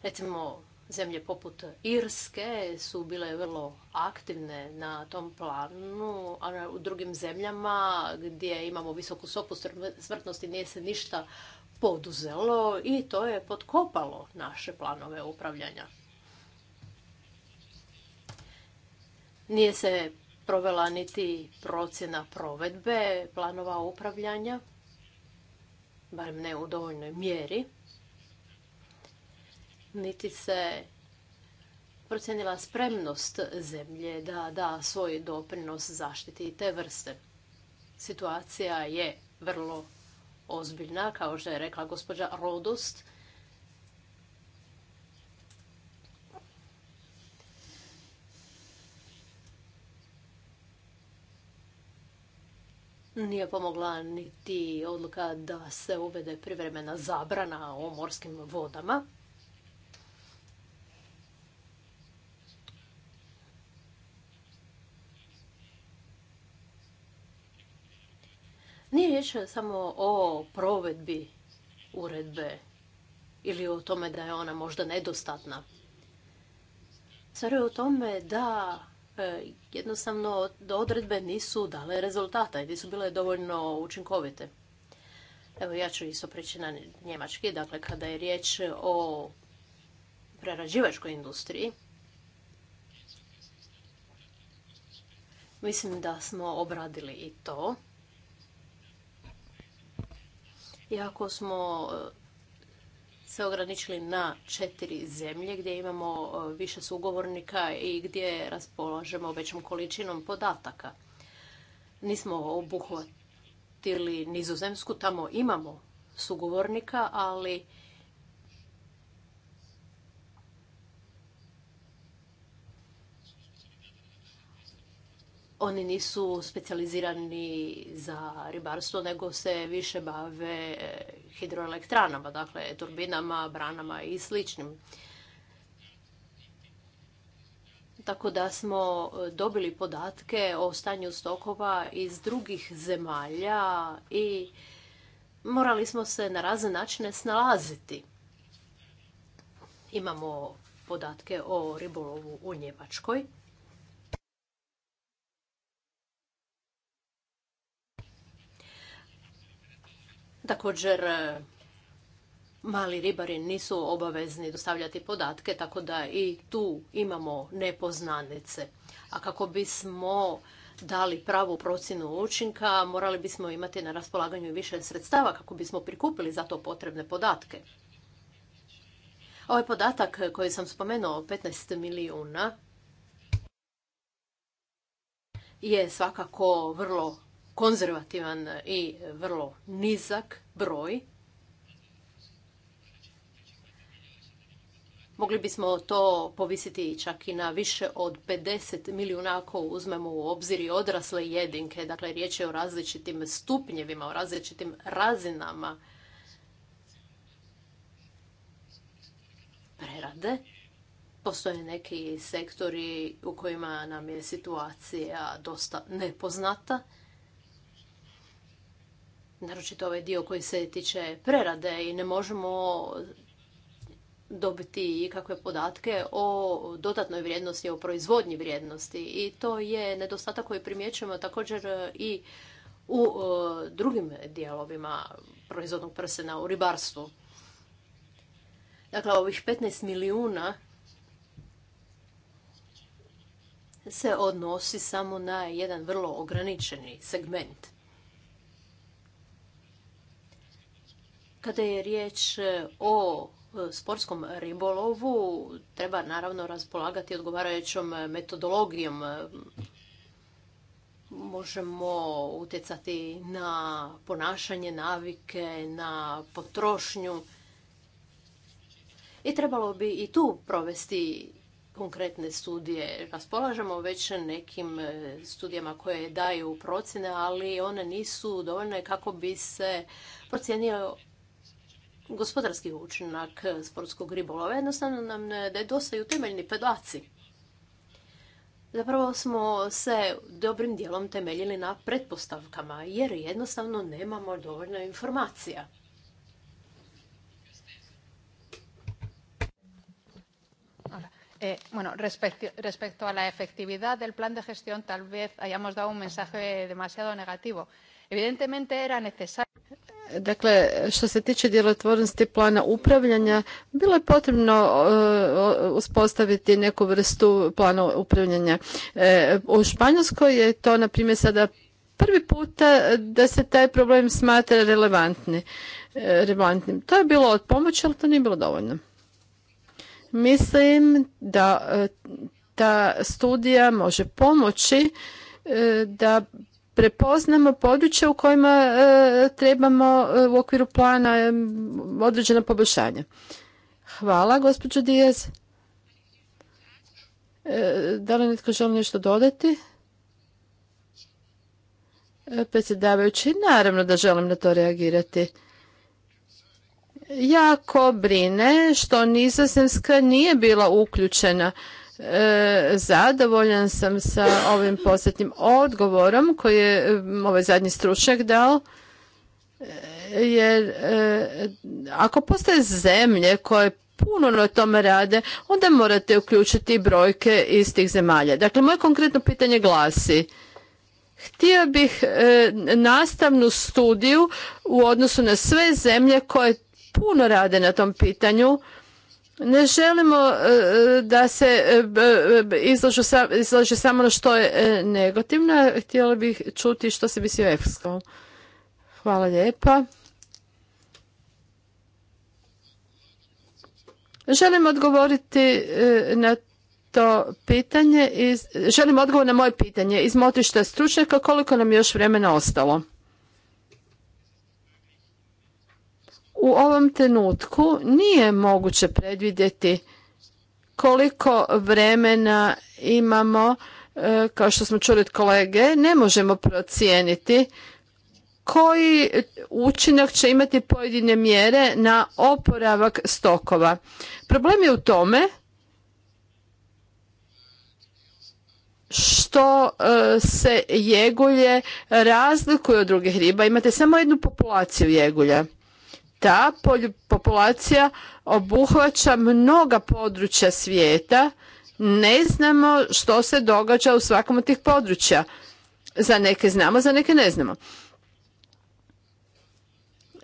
Recimo, zemlje poput Irske su bile vrlo aktivne na tom planu, a u drugim zemljama gdje imamo visoku stopu smrtnosti nije se ništa poduzelo i to je potkopalo naše planove upravljanja. Nije se provela niti procjena provedbe planova upravljanja, barem ne u dovoljnoj mjeri, niti se procjenila spremnost zemlje da da svoj doprinos zaštiti te vrste. Situacija je vrlo ozbiljna, kao što je rekla gospođa Rodost. Nije pomogla niti odluka da se uvede privremena zabrana o morskim vodama. Nije riječ samo o provedbi uredbe ili o tome da je ona možda nedostatna. Stvar je o tome da E, jednostavno odredbe nisu dale rezultata i nisu bile dovoljno učinkovite. Evo ja ću isto prići na njemački, dakle kada je riječ o prerađivačkoj industriji, Mislim da smo obradili i to. Iako smo se ograničili na četiri zemlje gdje imamo e, više sugovornika i gdje raspolažemo većom količinom podataka. Nismo obuhvatili nizozemsku, tamo imamo sugovornika, ali oni nisu specijalizirani za ribarstvo, nego se više bave e, hidroelektranama, dakle turbinama, branama i sličnim. Tako da smo e, dobili podatke o stanju stokova iz drugih zemalja i morali smo se na razne načine snalaziti. Imamo podatke o ribolovu u Njemačkoj. Također, e, mali ribari nisu obavezni dostavljati podatke, tako da i tu imamo nepoznanice. A kako bismo dali pravu procjenu učinka, morali bismo imati na raspolaganju više sredstava kako bismo prikupili za to potrebne podatke. Ovaj podatak koji sam spomenuo, 15 milijuna, je svakako vrlo konzervativan i vrlo nizak broj. Mogli bismo to povisiti čak i na više od 50 milijuna ako uzmemo u obzir i odrasle jedinke. Dakle, riječ je o različitim stupnjevima, o različitim razinama prerade. Postoje neki sektori u kojima nam je situacija dosta nepoznata naročito ovaj dio koji se tiče prerade i ne možemo dobiti ikakve podatke o dodatnoj vrijednosti, o proizvodnji vrijednosti i to je nedostatak koji primjećujemo također i u e, drugim dijelovima proizvodnog prsena u ribarstvu. Dakle, ovih 15 milijuna se odnosi samo na jedan vrlo ograničeni segment. Kada je riječ e, o e, sportskom ribolovu, treba naravno raspolagati odgovarajućom e, metodologijom. Možemo utjecati na ponašanje, navike, na potrošnju. I trebalo bi i tu provesti konkretne studije. Raspolažemo već nekim studijama koje daju procjene, ali one nisu dovoljne kako bi se procijenio gospodarski učinak sportskog ribolova. Jednostavno nam nedostaju temeljni podaci. Zapravo smo se dobrim dijelom temeljili na pretpostavkama, jer jednostavno nemamo dovoljno informacija. Eh, bueno, respecto, respecto a la efectividad del plan de gestión, tal vez hayamos dado un mensaje demasiado negativo. Evidentemente era necesario. Dakle, što se tiče djelotvornosti plana upravljanja, bilo je potrebno e, uspostaviti neku vrstu plana upravljanja. E, u Španjolskoj je to, na primjer, sada prvi puta da se taj problem smatra e, relevantnim. To je bilo od pomoći, ali to nije bilo dovoljno. Mislim da ta studija može pomoći da prepoznamo područja u kojima e, trebamo e, u okviru plana e, određena poboljšanja. Hvala, gospođo Dijez. Da li netko želi nešto dodati? Predsjedavajući, naravno da želim na to reagirati. Jako brine što Nizozemska nije bila uključena E, zadovoljan sam sa ovim posljednjim odgovorom koji je ovaj zadnji stručnjak dao e, jer e, ako postoje zemlje koje puno na tome rade, onda morate uključiti brojke iz tih zemalja. Dakle, moje konkretno pitanje glasi Htio bih nastavnu studiju u odnosu na sve zemlje koje puno rade na tom pitanju ne želimo e, e, da se e, izloži samo što je negativno. Htjela bih čuti što se bi o efskao. Hvala lijepa. Želim odgovoriti na to pitanje. želim odgovor na moje pitanje iz motrišta stručnjaka koliko nam još vremena ostalo. u ovom trenutku nije moguće predvidjeti koliko vremena imamo, e, kao što smo čuli od kolege, ne možemo procijeniti koji učinak će imati pojedine mjere na oporavak stokova. Problem je u tome što e, se jegulje razlikuje od drugih riba. Imate samo jednu populaciju jegulja. Da, populacija obuhvaća mnoga područja svijeta. Ne znamo što se događa u svakom od tih područja. Za neke znamo, za neke ne znamo.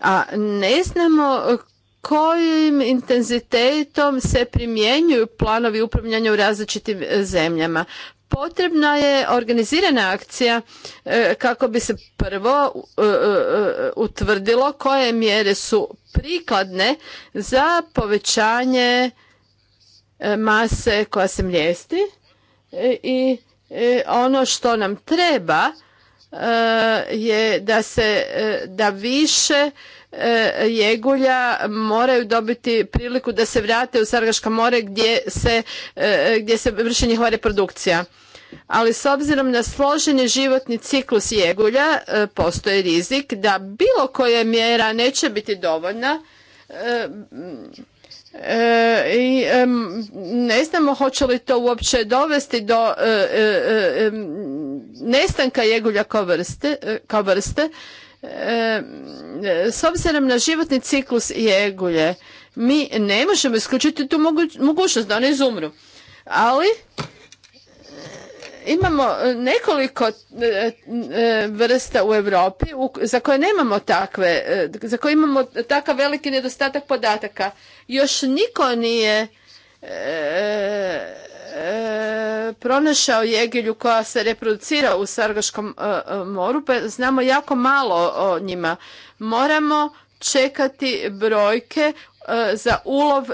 A ne znamo kojim intenzitetom se primjenjuju planovi upravljanja u različitim e, zemljama potrebna je organizirana akcija e, kako bi se prvo e, e, utvrdilo koje mjere su prikladne za povećanje mase koja se mlijesti i ono što nam treba je da se da više E, jegulja moraju dobiti priliku da se vrate u Sargaška more gdje se, e, gdje se vrši njihova reprodukcija. Ali s obzirom na složeni životni ciklus jegulja e, postoji rizik da bilo koja mjera neće biti dovoljna i ne znamo hoće li to uopće dovesti do nestanka jegulja kao kao vrste s obzirom na životni ciklus jegulje, mi ne možemo isključiti tu mogućnost da one izumru. Ali e, imamo e, nekoliko e, vrsta u Europi za koje nemamo takve, za koje imamo takav veliki nedostatak podataka. Još niko nije E, pronašao jegelju koja se reproducira u Sargaškom e, e, moru, pa znamo jako malo o njima. Moramo čekati brojke za ulov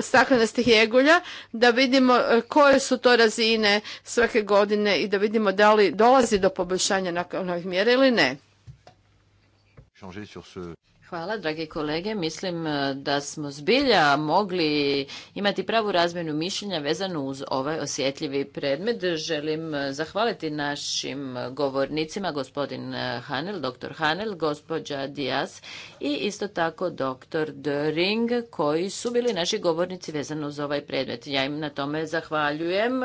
staklenastih jegulja da vidimo koje su to razine svake godine i da vidimo da li dolazi do poboljšanja nakon ovih mjera ili ne. Hvala, dragi kolege. Mislim e, da smo zbilja mogli imati pravu razmjenu mišljenja vezanu uz ovaj osjetljivi predmet. Želim e, zahvaliti našim govornicima, gospodin e, Hanel, doktor Hanel, gospođa Dias i isto tako doktor Döring, koji su bili naši govornici vezano uz ovaj predmet. Ja im na tome zahvaljujem.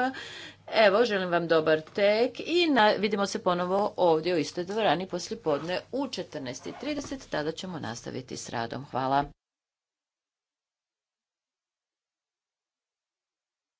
Evo, želim vam dobar tek i na, vidimo se ponovo ovdje u istoj dvorani poslijepodne u 14.30. Tada ćemo nastaviti s radom. Hvala.